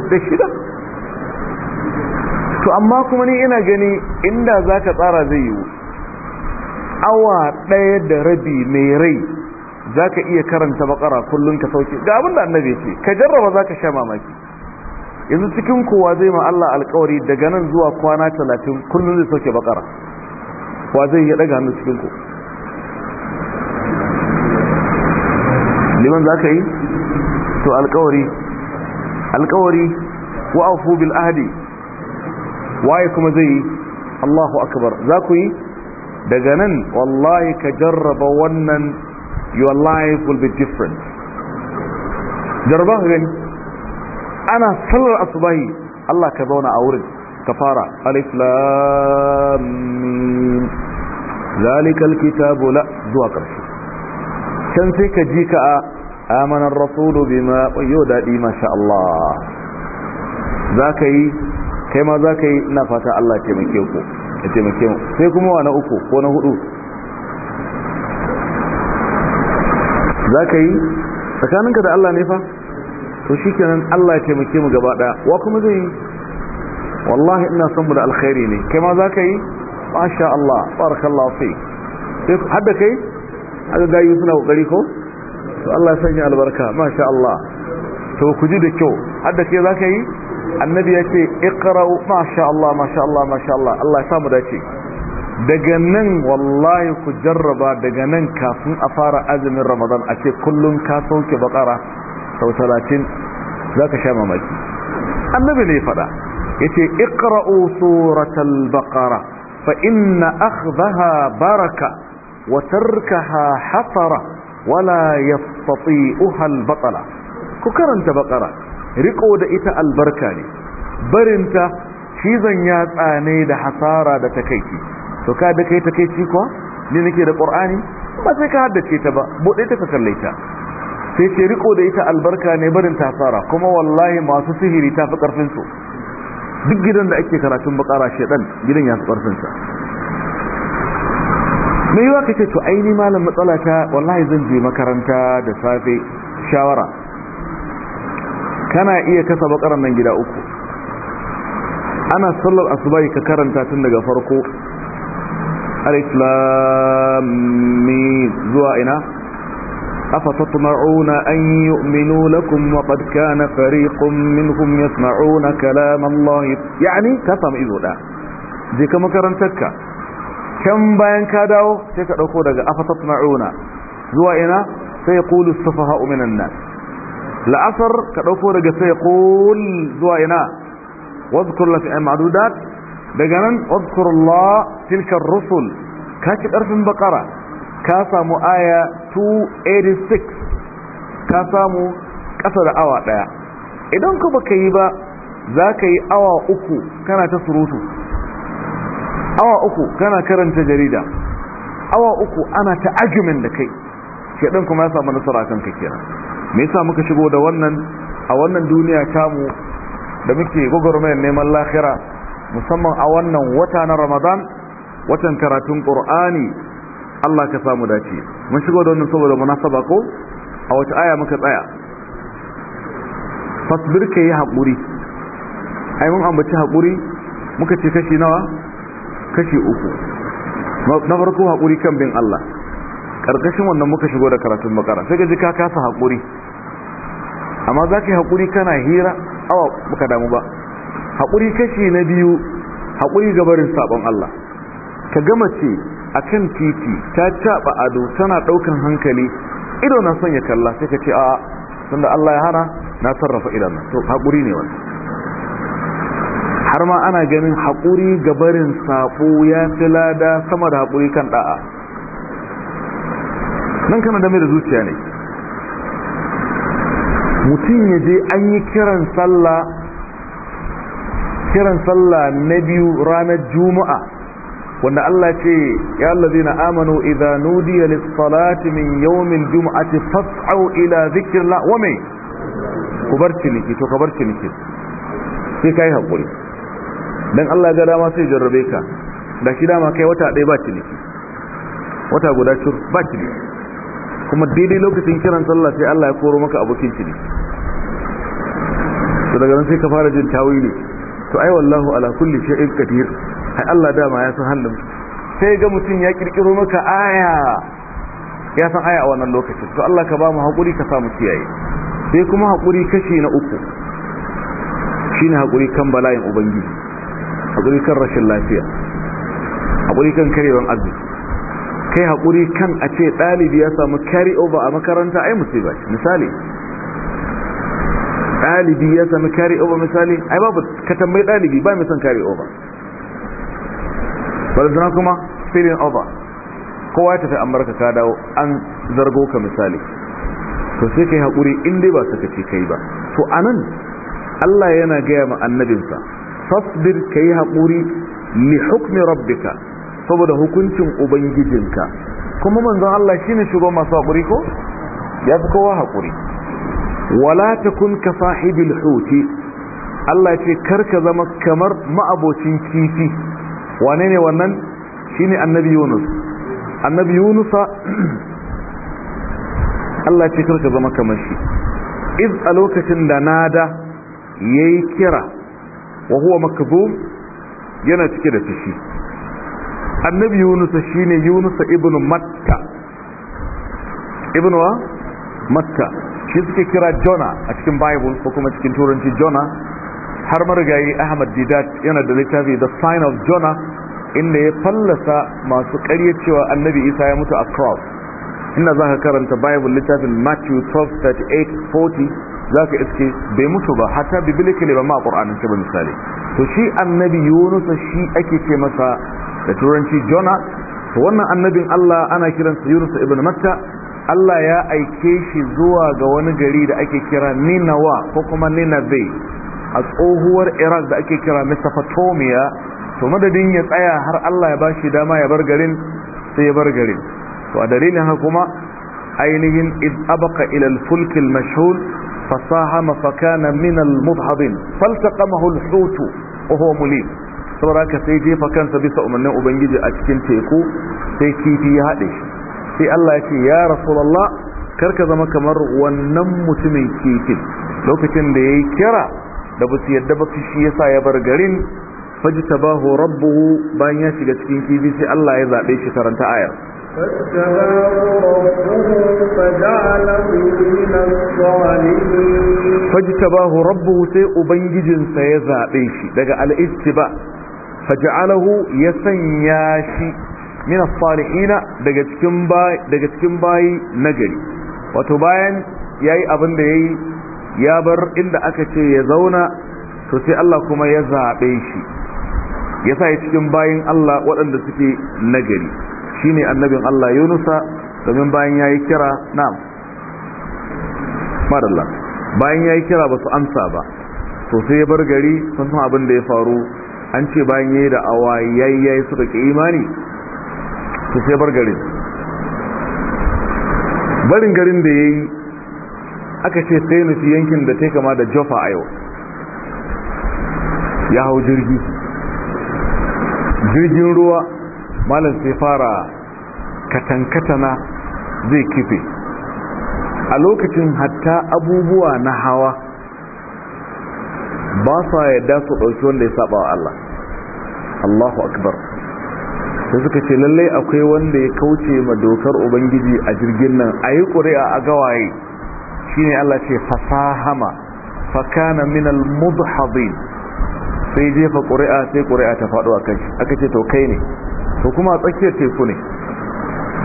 286 to amma kuma ni ina gani inda za ka tsara zai yiwu awa ɗaya da rabi mai rai za ka iya karanta bakara kullum ka sauke ga abin da annabi ce ka jarraba za ka sha mamaki yanzu cikin kowa zai ma Allah alkawari daga nan zuwa kwana talatin kullum zai sauke bakara wa zai iya daga hannu cikin ku liman za ka yi to alkawari alkawari wa afu bil ahdi waye kuma zai yi Allahu akbar za ku yi daga nan wallahi ka jarraba wannan your life will be different jarraba gani ana sallar asubahi Allah ka zauna a wurin ka fara alif lam mim zalikal kitabu la zuwa karshe can sai ka ji ka a amanar rasulu bima yau daɗi masha Allah Zaka yi kai ma zaka yi ina fata Allah ya taimake ku ya taimake mu sai kuma wa na uku ko na hudu Zaka yi tsakaninka da Allah ne fa to shikenan Allah ya taimake mu gaba ɗaya wa kuma zai yi wallahi ina son mu da alkhairi ne kai ma za ka yi masha Allah barakallahu fi har da kai aka gayu suna kokari ko Allah sanya albarka masha Allah to ku da kyau har da kai za ka yi annabi ya ce iqra'u masha masha Allah Allah Allah ya samu daga nan wallahi ku jarraba daga nan kafin a fara azumin Ramadan a ce kullun ka bakara sau 30 zaka sha mamaki annabi ne faɗa yace iqra'u suratal baqara fa inna akhdaha baraka wa tarkaha hatara wala yastati'uha al-batala ku karanta baqara riko da ita albarka ne barinta cizon yatsa ne da hasara da takeici to ka da kai takeici kuwa ni nake da qur'ani ba sai ka haddace ta ba bude ta ka kalle sai ce riko da ita albarka ne barin ta hasara kuma wallahi masu sihiri ta fi karfin su duk gidan da ake karatun bakara shedan gidan ya su karfinsa mai yiwa kake to aini malam matsala ta wallahi zan je makaranta da safe shawara kana iya kasa bakaran nan gida uku ana sallar asubai ka karanta tun daga farko alif lam mim zuwa ina أفتطمعون أن يؤمنوا لكم وقد كان فريق منهم يسمعون كلام الله يعني كفم إذولا جي كما كرنتك كم باين كاداو تيكا أخوضك أفتطمعون زوائنا سيقول السفهاء من الناس لأثر كأخوضك سيقول زوائنا واذكر لك معدودات دقنا واذكر الله تلك الرسل كاتب أرف بقرة ka samu aya 286 ka samu ƙasa da awa ɗaya idan ka baka yi ba za ka yi awa uku kana ta surutu awa uku kana karanta jarida awa uku ana ta argument da kai shaɗin kuma ya samu nasara kan ka kira me yasa muka shigo da wannan a wannan duniya tamu da muke gwagwarmayar neman lahira musamman a wannan wata na ramadan watan karatun ƙur'ani Allah ka samu dace mun shigo da wannan saboda munasaba ko a wata aya muka tsaya fasbir ka yi haƙuri ai mun ambaci haƙuri muka ce kashi nawa kashi uku na farko haƙuri kan bin Allah karkashin wannan muka shigo da karatun makara sai ka ji ka kasa haƙuri amma za ka yi haƙuri kana hira awa muka damu ba haƙuri kashi na biyu haƙuri gabarin sabon Allah ka gama ce a kan titi ta caɓa ado tana ɗaukan hankali ido na son ya kalla sai ka ce a sanda Allah ya hana na sarrafa idan to haƙuri ne wani har ma ana ganin haƙuri barin saƙo ya fi lada sama da hakuri kan ɗa'a nan kana mai da zuciya ne mutum ya je an yi kiran sallah kiran sallah na biyu ranar juma'a wanda Allah ce ya allazina amanu idza nudiya lis-salati min yawmil jum'ati fas'u ila dhikrillah wa mai ku bar ciniki to ka bar ciniki sai kai hakuri dan Allah ga dama sai jarrabe ka da shi dama kai wata ɗaya ba ciniki wata guda cur ba ciniki kuma daidai lokacin kiran sallah sai Allah ya koro maka abokin ciniki to daga nan sai ka fara jin tawili to ai wallahu ala kulli shay'in kadir. ai Allah dama ya san hannun sai ga mutum ya kirkiro maka aya ya san aya a wannan lokacin to Allah ka ba mu hakuri ka sa mu kiyaye sai kuma hakuri kashi na uku shine hakuri kan bala'in ubangiji hakuri kan rashin lafiya hakuri kan karewan arziki kai hakuri kan a ce ɗalibi ya samu carry over a makaranta ai musiba misali Dalibi ya sami carry over misali ai babu ka tambayi dalibi ba mai son carry over balantana kuma filin over kowa ya tafi amurka ka dawo an zargo ka misali to sai yi haƙuri in dai ba suka ce kai ba to anan allah yana gaya ma annabinsa fasbir ka yi haƙuri li hukmi rabbika saboda hukuncin ubangijinka kuma manzon allah shine shugaban masu haƙuri ko ya fi kowa haƙuri wala kun ka sahibil huti allah ce kar ka zama kamar ma'abocin kifi wane ne wannan shine annabi yunus annabi yunusa Allah ce karka zama kamar shi iz a lokacin da na nada yayi kira wa huwa makzum yana cike da fushi annabi yunusa shine yunusa Ibn matta Ibn wa matta shi suke kira jona a cikin bible ko kuma cikin turanci jona har marigayi ahmad didat yana da littafi the sign of jonah inda ya fallasa masu ƙarya cewa annabi isa ya mutu a cross inda za ka karanta bible littafin matthew 12 38 40 za ka iske bai mutu ba hata ne ba ma ƙur'anin ba misali to shi annabi yunusa shi ake ce masa da turanci jona to wannan annabin allah ana kiransa yunusa ibn matta allah ya aike shi zuwa ga wani gari da ake kira ninawa ko kuma ninabe a tsohuwar iraq da ake kira mesopotamia to madadin ya tsaya har allah ya bashi dama ya bar garin sai ya bar garin to a dalilin haka kuma ainihin id abaka ilal fulkil fulk al-mashhul fasahama fa kana min al-mudhhabin faltaqamahu al-hut wa muli saboda haka sai jefa kansa bisa umarnin ubangiji a cikin teku sai kifi ya haɗe sai allah ya ce ya rasulallah karka zama kamar wannan mutumin kifin lokacin da ya yi kira da ba su yadda ba su shi yasa ya bar garin fajtabahu rabbuhu bayan ya shiga cikin kifi sai Allah ya zabe shi karanta ayar fajtabahu rabbuhu sai ubangijinsa ya zabe shi daga al-ittiba faj'alahu ya sanya shi min as-salihin daga cikin bayi daga cikin bayi nagari wato bayan yayi abin da yayi ya bar inda aka ce ya zauna to sai Allah kuma ya zaɓe shi ya sa ya cikin bayin Allah waɗanda suke nagari Shi ne annabin Allah Yunusa domin bayan ya yi kira na marala bayan ya yi kira ba su amsa ba to sai ya bar gari sun san abin da ya faru an ce bayan ya yi da awa yayi suka ke imani to sai bar garin barin garin da ya yi aka ce sai nufi yankin da ta kama da jofa a yau ya hau jirgi jirgin ruwa malam sai fara katankatana zai kife a lokacin hatta abubuwa na hawa ba sa yadda su ɗauki wanda ya saba wa Allah Allahu akbar sai suka ce lallai akwai wanda ya kauce ma dokar ubangiji a jirgin nan a yi ƙuri'a a gawaye shine Allah ce fasahama fa kana min al mudhhabin sai jefa ƙuri'a sai ƙuri'a ta faɗo a kai aka ce to kai ne to kuma tsakiyar teku ne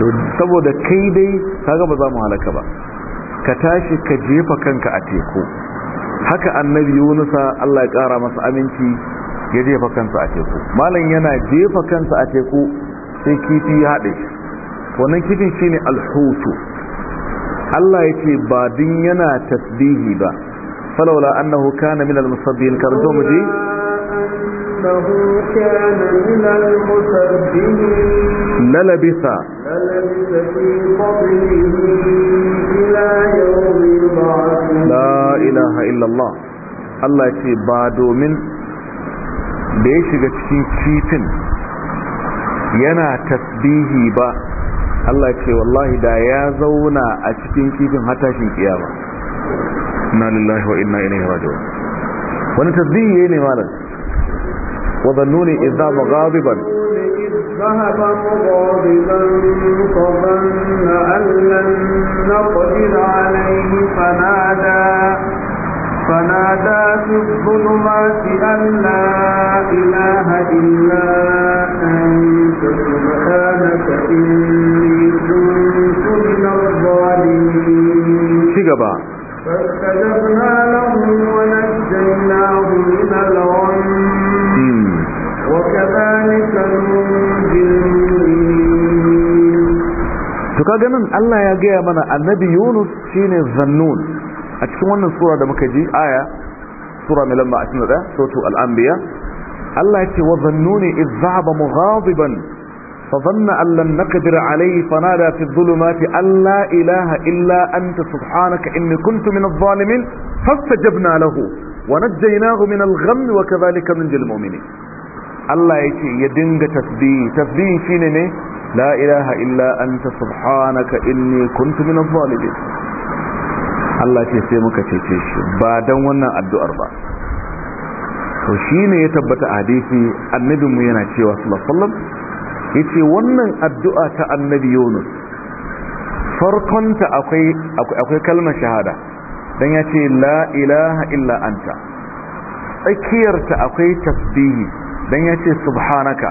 to saboda kai dai kaga ba za mu halaka ba ka tashi ka jefa kanka a teku haka annabi yunusa Allah ya kara masa aminci ya jefa kansa a teku malam yana jefa kansa a teku sai kifi ya haɗe wannan kifin shine alhutu Allah ya ce ba din yana tasbihi ba falaula annahu kana minal musabbihin karanto mu je lalabisa la ilaha illallah Allah ya ce ba domin da ya shiga cikin kifin yana tasbihi ba Allah ce wallahi da ya zauna a cikin kifin hatashin kiyama Na lillahi wa inna ilaihi raji'un wani tasbihi ne malam wa zannuni idza maghadiban ذهب مغاضبا فظن أن لن نقدر عليه فنادى فنادى في الظلمات أن لا إله إلا أنت سبحانك gaba فاستجبنا له ونجيناه من الغم وكذلك ka kaga nan Allah ya gaya mana annabi Yunus shine Zannun a cikin wannan sura da muka ji aya sura mai lamba 21 suratul al-anbiya Allah ya ce wa zannuni idh dhahaba mughadiban فظن أن لن نقدر عليه فنادى في الظلمات أن لا إله إلا أنت سبحانك إني كنت من الظالمين فاستجبنا له ونجيناه من الغم وكذلك ننجي المؤمنين Allah ya ce ya dinga tasbihi tasbihi shine ne la ilaha illa anta subhanaka inni kuntu minaz zalimin Allah ce sai muka cece shi ba dan wannan addu'ar ba to shine ya tabbata hadisi annabinmu yana cewa yace wannan addu'a ta annabi yunus farkonta akwai akwai kalmar shahada dan yace la ilaha illa anta ta akwai tasbihi dan yace subhanaka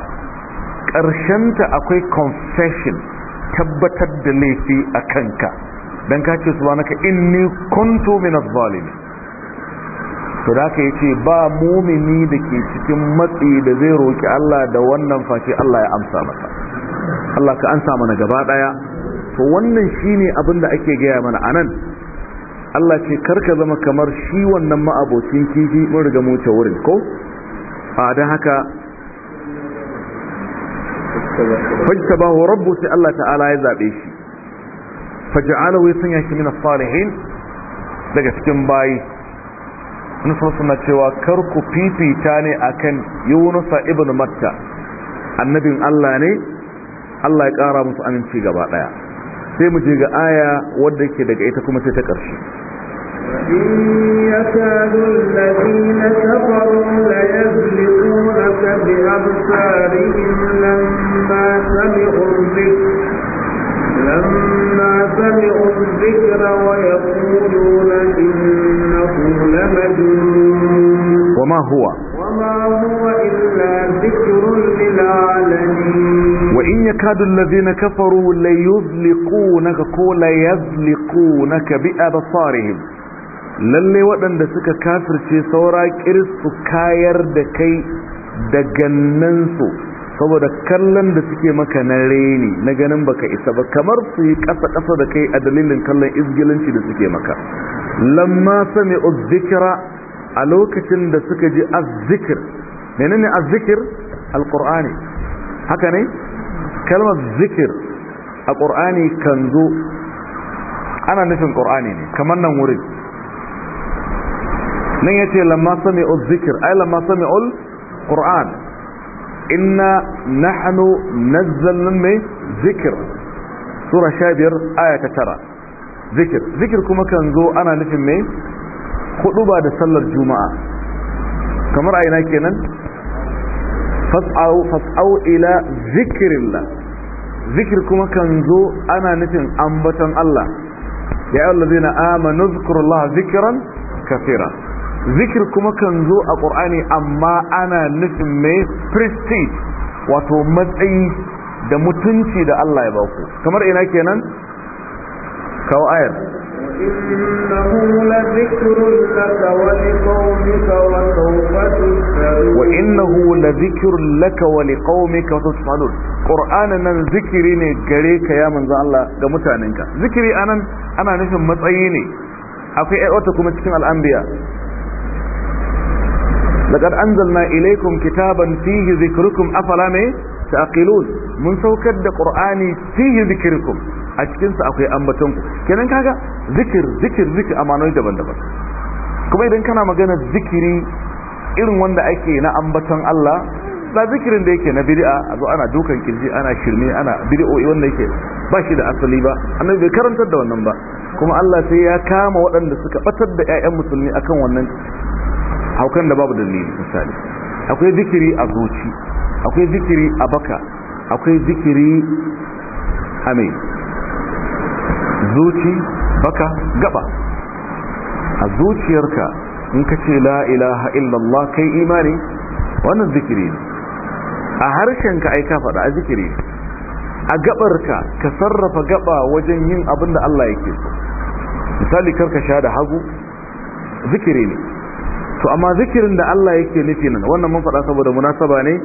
Karshen ta akwai confession tabbatar da laifi a kanka dan kace subhanaka inni kuntu minaz zalimin to da ka yace ba mumini da ke cikin matsi da zai roƙi Allah da wannan fashe Allah ya amsa masa Allah ka amsa mana gaba daya to wannan shine abin da ake gaya mana a nan, Allah ce karka zama kamar shi wannan ma'abocin kifi mun riga mu wurin ko a dan haka fajtabahu rabbu sai Allah ta'ala ya zaɓe shi faj'alahu yasanya shi min as-salihin daga cikin bayi nufin suna cewa kar ku fifita ne a akan yunusa ibn matta annabin allah ne allah ya kara musu aminci gaba daya sai mu je ga aya wadda ke daga ita kuma sai ta karshe لما سمعوا الذكر ويقولون هو وما هو إلا ذكر للعالمين وإن يكاد الذين كفروا ليزلقونك قول يزلقونك بأبصارهم lalle waɗanda suka kafirce saura su kayar da kai da gannansu saboda kallon da suke maka na reni na ganin baka isa ba kamar su yi ƙasa-ƙasa da kai a dalilin kallon izgilanci da suke maka lamma sami uzzikira a lokacin da suka ji azzikir menene azzikir alqur'ani haka ne kalmar zikir a qur'ani kan zo ana nufin qur'ani ne kamar nan wurin nan yace lamma ul zikir ay lamma sami'u alqur'an inna nahnu nazzalna mai zikir sura shabir aya ta tara zikir zikir kuma kan zo ana nufin mai hudu ba da sallar juma'a kamar a ina kenan fas'au ila zikirillah zikir kuma kan zo ana nufin ambatan Allah ya yi na amanu zikirullaha zikiran kafira zikir kuma kan zo a ƙur'ani amma ana nufin mai prestige wato matsayi da mutunci da Allah ya baku kamar ina kenan kawo ayar إنه لذكر لك ولقومك وسوف تسألون وإنه لذكر لك ولقومك وتسألون قرآن nan zikiri ne gare ka ya manzo Allah ga mutanenka zikiri anan ana nufin matsayi ne akwai ayyuka kuma cikin al'anbiya laqad anzalna ilaikum kitaban fihi dhikrukum afala ma ta'qilun mun saukar da qur'ani fihi dhikrukum a cikinsa akwai ambaton ku kenan kaga zikir zikir zikir amanoyi daban-daban kuma idan kana magana zikiri irin wanda ake na ambaton Allah ba zikirin da yake na bid'a a zo ana dukan kirji ana shirme ana bid'o'i wanda yake ba shi da asali ba annabi bai karantar da wannan ba kuma Allah sai ya kama waɗanda suka batar da ƴaƴan musulmi akan wannan haukan da babu dalili misali akwai zikiri a zuci akwai zikiri a baka akwai zikiri a mai zuci baka gaba a zuciyarka in ka ce la ilaha illallah kai imani wannan zikiri ne a harshenka ai ka faɗa a zikiri ne a gabarka ka sarrafa gaba wajen yin abin da Allah yake so misali karka sha da hagu zikiri ne to amma zikirin da Allah yake nufi nan wannan mun faɗa saboda munasaba ne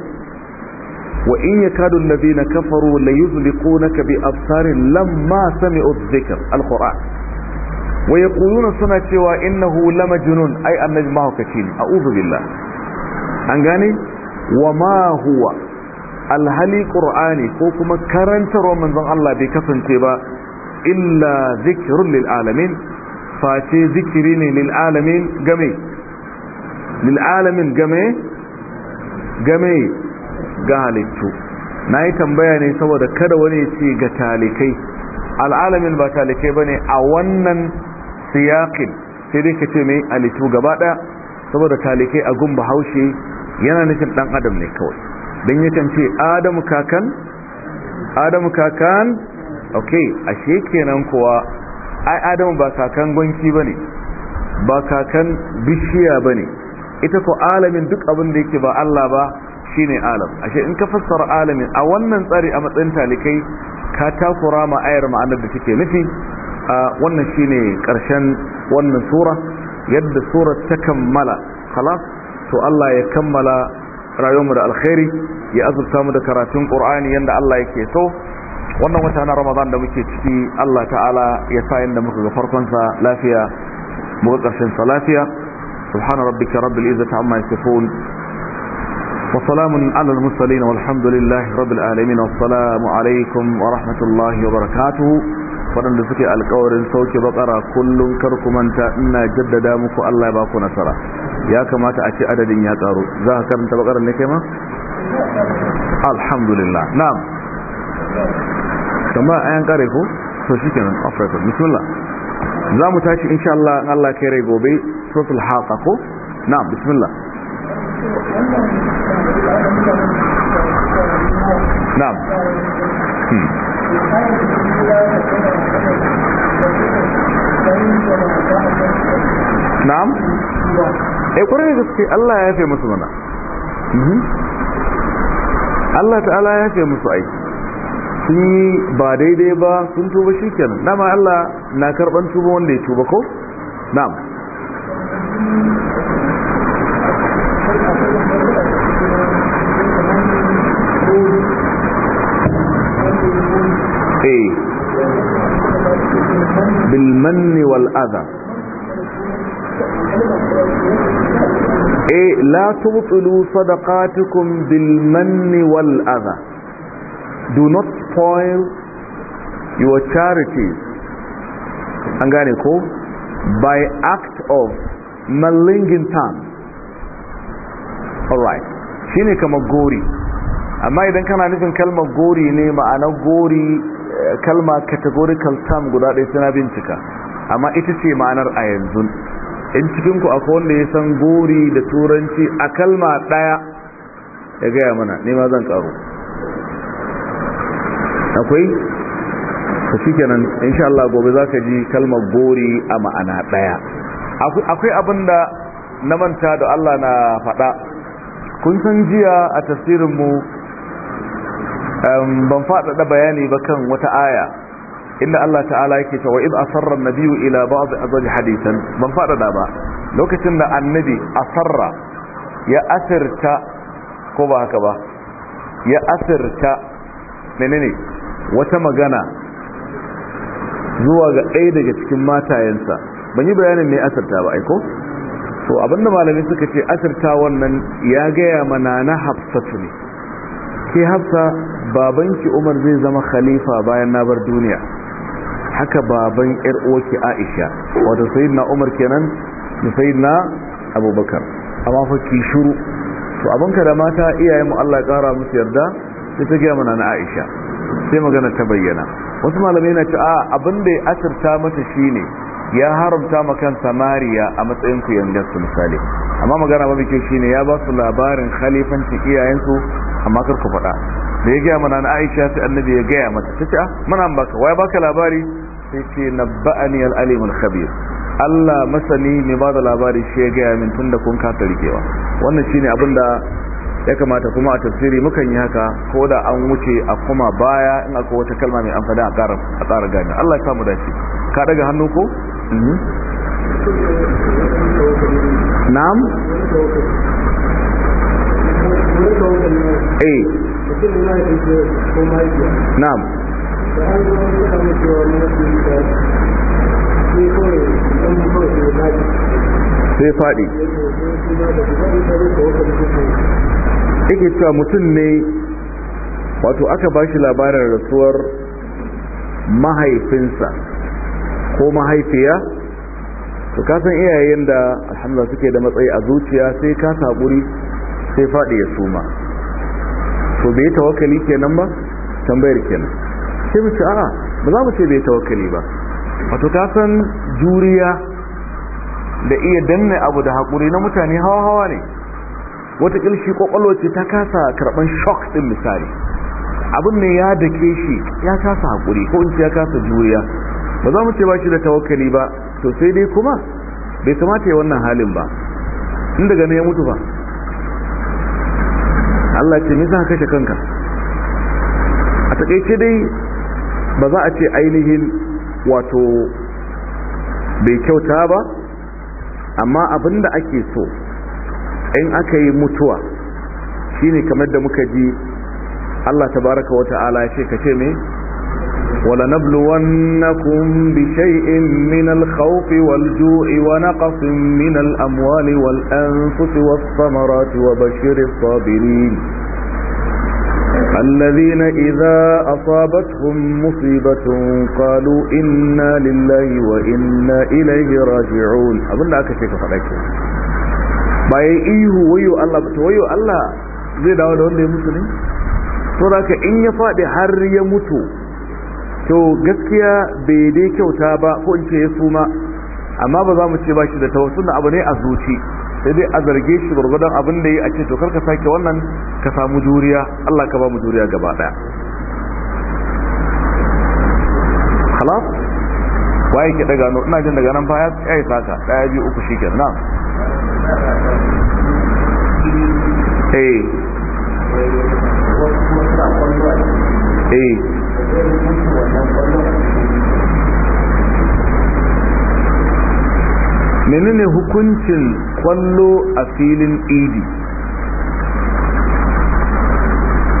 wa in yakadu alladhina kafaru la yuzliqunaka bi absarin lamma sami'u dhikr alquran wa yaquluna suna cewa innahu lamajnun ai annabi a ne a'udhu billah an gane wa ma huwa alhali qur'ani ko kuma karantarwa manzon Allah bai kasance ba illa zikrun lil alamin face zikiri ne alamin game lil game game ga halittu na yi tambaya ne saboda kada wani ce ga talikai al'alamin ba talikai ba ne a wannan siyakin sai dai ka ce mai halittu gaba ɗaya saboda talikai a gun bahaushe yana nufin ɗan adam ne kawai don ya ce adamu kakan adamu kakan ok ashe kenan kuwa ai adamu ba kakan gwanki ba ne ba kakan bishiya ba ne ita ko alamin duk abin da yake ba Allah ba shine alam ashe in ka fassara alami a wannan tsari a matsayin talikai ka takura ma ayar ma'anar da take nufi wannan shine karshen wannan sura yadda sura ta kammala khalas to Allah ya kammala rayuwarmu da alkhairi ya azurta mu da karatun Qur'ani yadda Allah yake so wannan wata na Ramadan da muke ciki Allah ta'ala ya sa yadda muka ga farkon sa lafiya mu ga sa lafiya subhana rabbika rabbil izzati amma yasifun وسلام على المرسلين والحمد لله رب العالمين والسلام عليكم ورحمة الله وبركاته waɗanda suke alkawarin sauke bakara kullum kar manta ina jaddada muku Allah ba ku nasara ya kamata a ce adadin ya tsaro za ka karanta bakarar ne kai ma alhamdulillah na'am kamar ayan kare ko to shikenan africa bismillah za mu tashi insha Allah in kai rai gobe suratul ko na'am hmm. na'am اي eh, kwarai gaske Allah ya yafe musu تعالى mhm. Allah ta'ala ya yafe musu ai sun yi ba daidai ba sun tuba shikenan dama Allah na karban tuba wanda ya tuba ko na'am manni wal adha eh la tubtilu sadaqatukum bil manni wal adha do not spoil your charity an gane ko by act of malingintan alright shi ne kamar gori amma idan kana nufin kalmar gori ne ma'anar gori kalma categorical term guda ɗaya suna bincika amma ita ce ma'anar a yanzu in cikinku ku akwai wanda ya san gori da turanci a kalma ɗaya. ya gaya mana nema zan karo akwai ta shi kenan sha Allah gobe za ka ji kalmar gori a ma'ana ɗaya akwai abin da na manta da Allah na faɗa kun san jiya a tasirinmu um, ban faɗaɗa bayani ba kan wata aya inda Allah ta'ala yake cewa id asarra an ila ba'd azwaj hadithan ban fada da ba lokacin da annabi asarra ya asirta ko ba haka ba ya asirta menene wata magana zuwa ga ɗaya daga cikin matayensa ban yi bayanin me asirta ba aiko to abinda malamai suka ce asirta wannan ya gaya mana na hafsatu ne ke hafsa babanki umar zai zama khalifa bayan na bar duniya haka baban yar uwarki Aisha wato sayyidina Umar kenan da sayyidina Abubakar amma fa ki shiru to abin ka da mata iyayen mu Allah ya kara musu yarda sai ta ga mana na Aisha sai magana ta bayyana wasu malamai na ce a abin da ya asirta mata shine ya haramta makan samariya a matsayin ku su misali amma magana ba muke shine ya ba su labarin khalifanci iyayensu amma kar ku faɗa da ya gaya mana na aisha sai annabi ya gaya mata ta ce mana baka wai baka labari sai ce na ba'aniyar alim khabir Allah masani ne ba da labari shi ya gaya min tun da kun kasa rikewa wannan shine abin da ya kamata kuma a tafsiri mukan yi haka ko da an wuce a kuma baya in akwai wata kalma mai amfani a tsara gani Allah ya samu dace ka daga hannu ko mhm. na'am eh. na'am sai faɗi cewa mutum ne wato aka ba shi labarin rasuwar mahaifinsa ko mahaifiya su kasan iyayen da alhamdulillah suke da matsayi a zuciya sai ka saburi sai faɗi ya suma to bai tawakali kenan ba tambayar kenan sai mace a ba za mu ce bai tawakali ba wato ka san juriya da iya danne abu da haƙuri na mutane hawa hawa ne wata ƙilshi ƙwaƙwalo ce ta kasa karɓar shock ɗin misali abin ne ya dake shi ya kasa haƙuri ko in ce ya kasa juriya ba za mu ce ba shi da tawakali ba to sai dai kuma bai kamata ya wannan halin ba in daga ne ya mutu ba Allah ce me za kashe kanka a taƙaice dai ba za a ce ainihin wato bai kyauta ba amma abinda ake so in aka yi mutuwa shine kamar da muka ji Allah tabaraka wa ta'ala ya ce ka ce me wala nabluwannakum bi shay'in min al-khawf wal-ju'i wa naqsin min al-amwali wal-anfusi was-samarati wa bashir sabirin الذين إذا أصابتهم مصيبة قالوا إنا لله وإنا إليه راجعون أظن أكا faɗa فعلك bayan ihu wayo Allah ba wayo Allah zai dawo da wanda ya mutu ne to haka in ya faɗi har ya mutu to gaskiya bai dai kyauta ba ko in ce ya suma amma ba za mu ce ba shi da tawassul abu ne a zuci sai dai a zarge shi gurgudan abin da yi a ce to karka sake wannan ka samu juriya Allah ka ba mu juriya gaba daya halas waye ke daga no ina jin daga nan baya yayi saka daya biyu uku shike na eh eh menene hukuncin kwallo a filin idi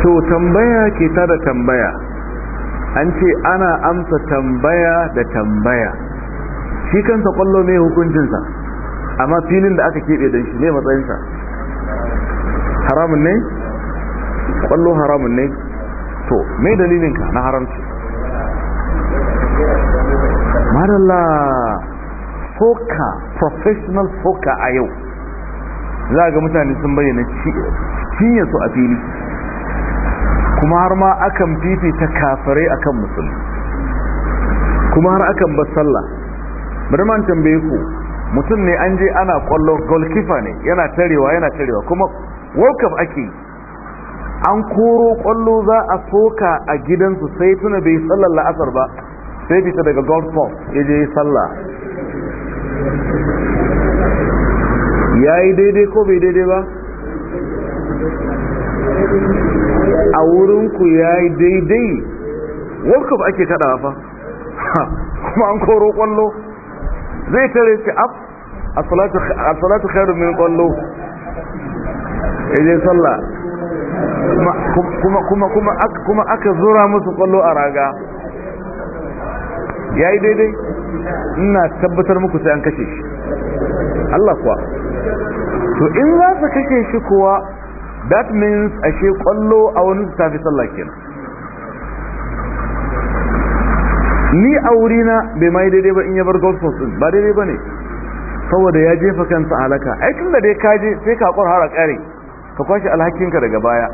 to tambaya ke ta da tambaya an ce ana amsa tambaya da tambaya shi kansa kwallo mai hukuncinsa amma filin da aka keɓe don shi ne matsayinsa haramun ne? kwallo haramun ne? to mai dalilinka na haramci madalla foka professional foka a yau za ga mutane sun bayyana cinye su a fili kuma har ma akan fifita a akan musulmi kuma har akan bar sallah bari tambaye ku mutum ne an je ana kwallo golkifa ne yana tarewa yana tarewa kuma world ake an koro kwallo za a foka a gidansu sai tuna bai sallar la'asar ba sai fita daga golf ya je sallah ya yi daidai ko bai daidai ba a wurinku ya yi daidai ba ake kada fa kuma an koro kwallo zai tare ce a salatu khairu min kwallo je tsalla kuma aka zura musu kwallo a raga ya yi daidai ina tabbatar muku sai an kashe shi Allah kuwa to in za su kashe shi kuwa that means ashe kwallo a wani su tafi sallah kenan ni a na bai mai daidai ba in ya bar gospel sun ba daidai ba ne saboda ya jefa kansa alaka ai da dai ka je sai ka kwar har a kare ka kwashe alhakinka daga baya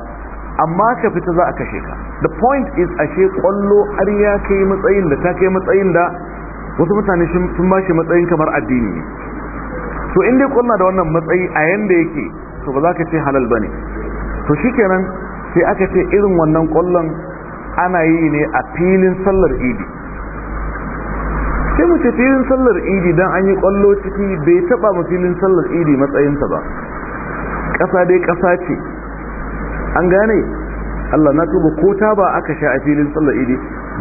amma ka fita za a kashe ka the point is ashe kwallo har ya kai matsayin da ta kai matsayin da wasu mutane sun ba shi matsayin kamar addini ne to in dai kulla da wannan matsayi a yanda yake to ba za ka ce halal ba ne to shi shikenan sai aka ce irin wannan kullon ana yi ne a filin sallar idi sai mu ce filin sallar idi don an yi kwallo ciki bai taba mu filin sallar idi matsayinsa ba ƙasa dai ƙasa ce an gane allah na tuba ko ta ba aka sha a filin sallar idi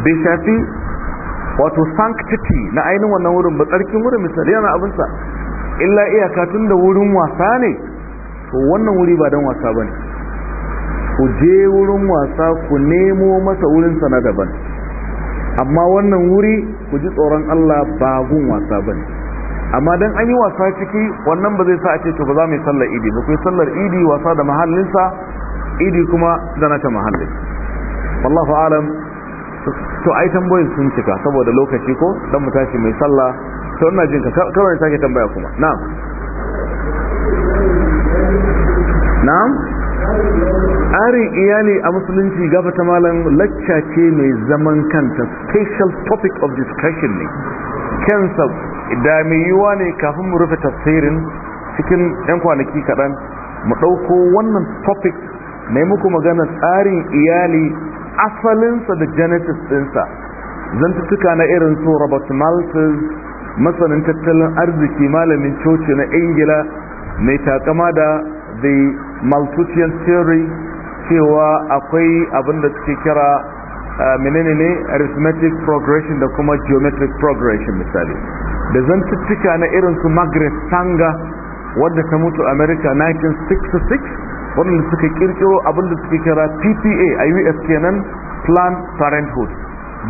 bai shafi wato sanctity na ainihin wannan wurin ba tsarkin wurin misali yana abinsa illa iyaka tun da wurin wasa ne to wannan wuri ba don wasa ba ku je wurin wasa ku nemo masa wurinsa na daban amma wannan wuri ku ji tsoron Allah ba gun wasa ba ne amma don an yi wasa ciki wannan ba zai sa a ce to ba za mu yi sallar idi ba ku yi sallar idi wasa da mahallinsa idi kuma da nata mahallin wallahu alam to ai tambayoyin sun cika saboda lokaci ko dan mu tashi mai sallah to ina jin ka kawai sake tambaya kuma na'am na'am tsarin iyali a musulunci ta malam lacca ce mai zaman kanta special topic of discussion ne kansa da mai yiwa ne kafin mu rufe tafsirin cikin 'yan kwanaki kaɗan mu ɗauko wannan topic na muku magana tsarin iyali asalinsa da genesis ɗinsa zantuttuka na irin su robert malthus masanin tattalin arziki malamin coci na ingila mai takama da the malthusian theory cewa akwai abin da suke kira uh, menene ne arithmetic progression da kuma geometric progression misali da zantuttuka na irin su margaret sanger wadda ta mutu america 1966 waɗanda suka kirkiro abinda suka kira PTA a us kenan plan parenthood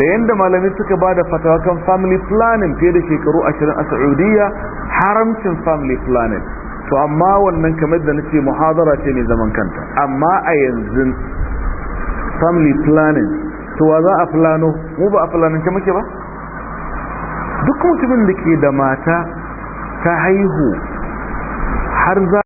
da yadda malamai suka ba da fatawa family planning fiye da shekaru ashirin a saudiya haramcin family planning to amma wannan kamar da nake muhadara ce mai zaman kanta amma a yanzu family planning to wa za a plano mu ba a planin ke muke ba duk mutumin da ke da mata ta haihu har za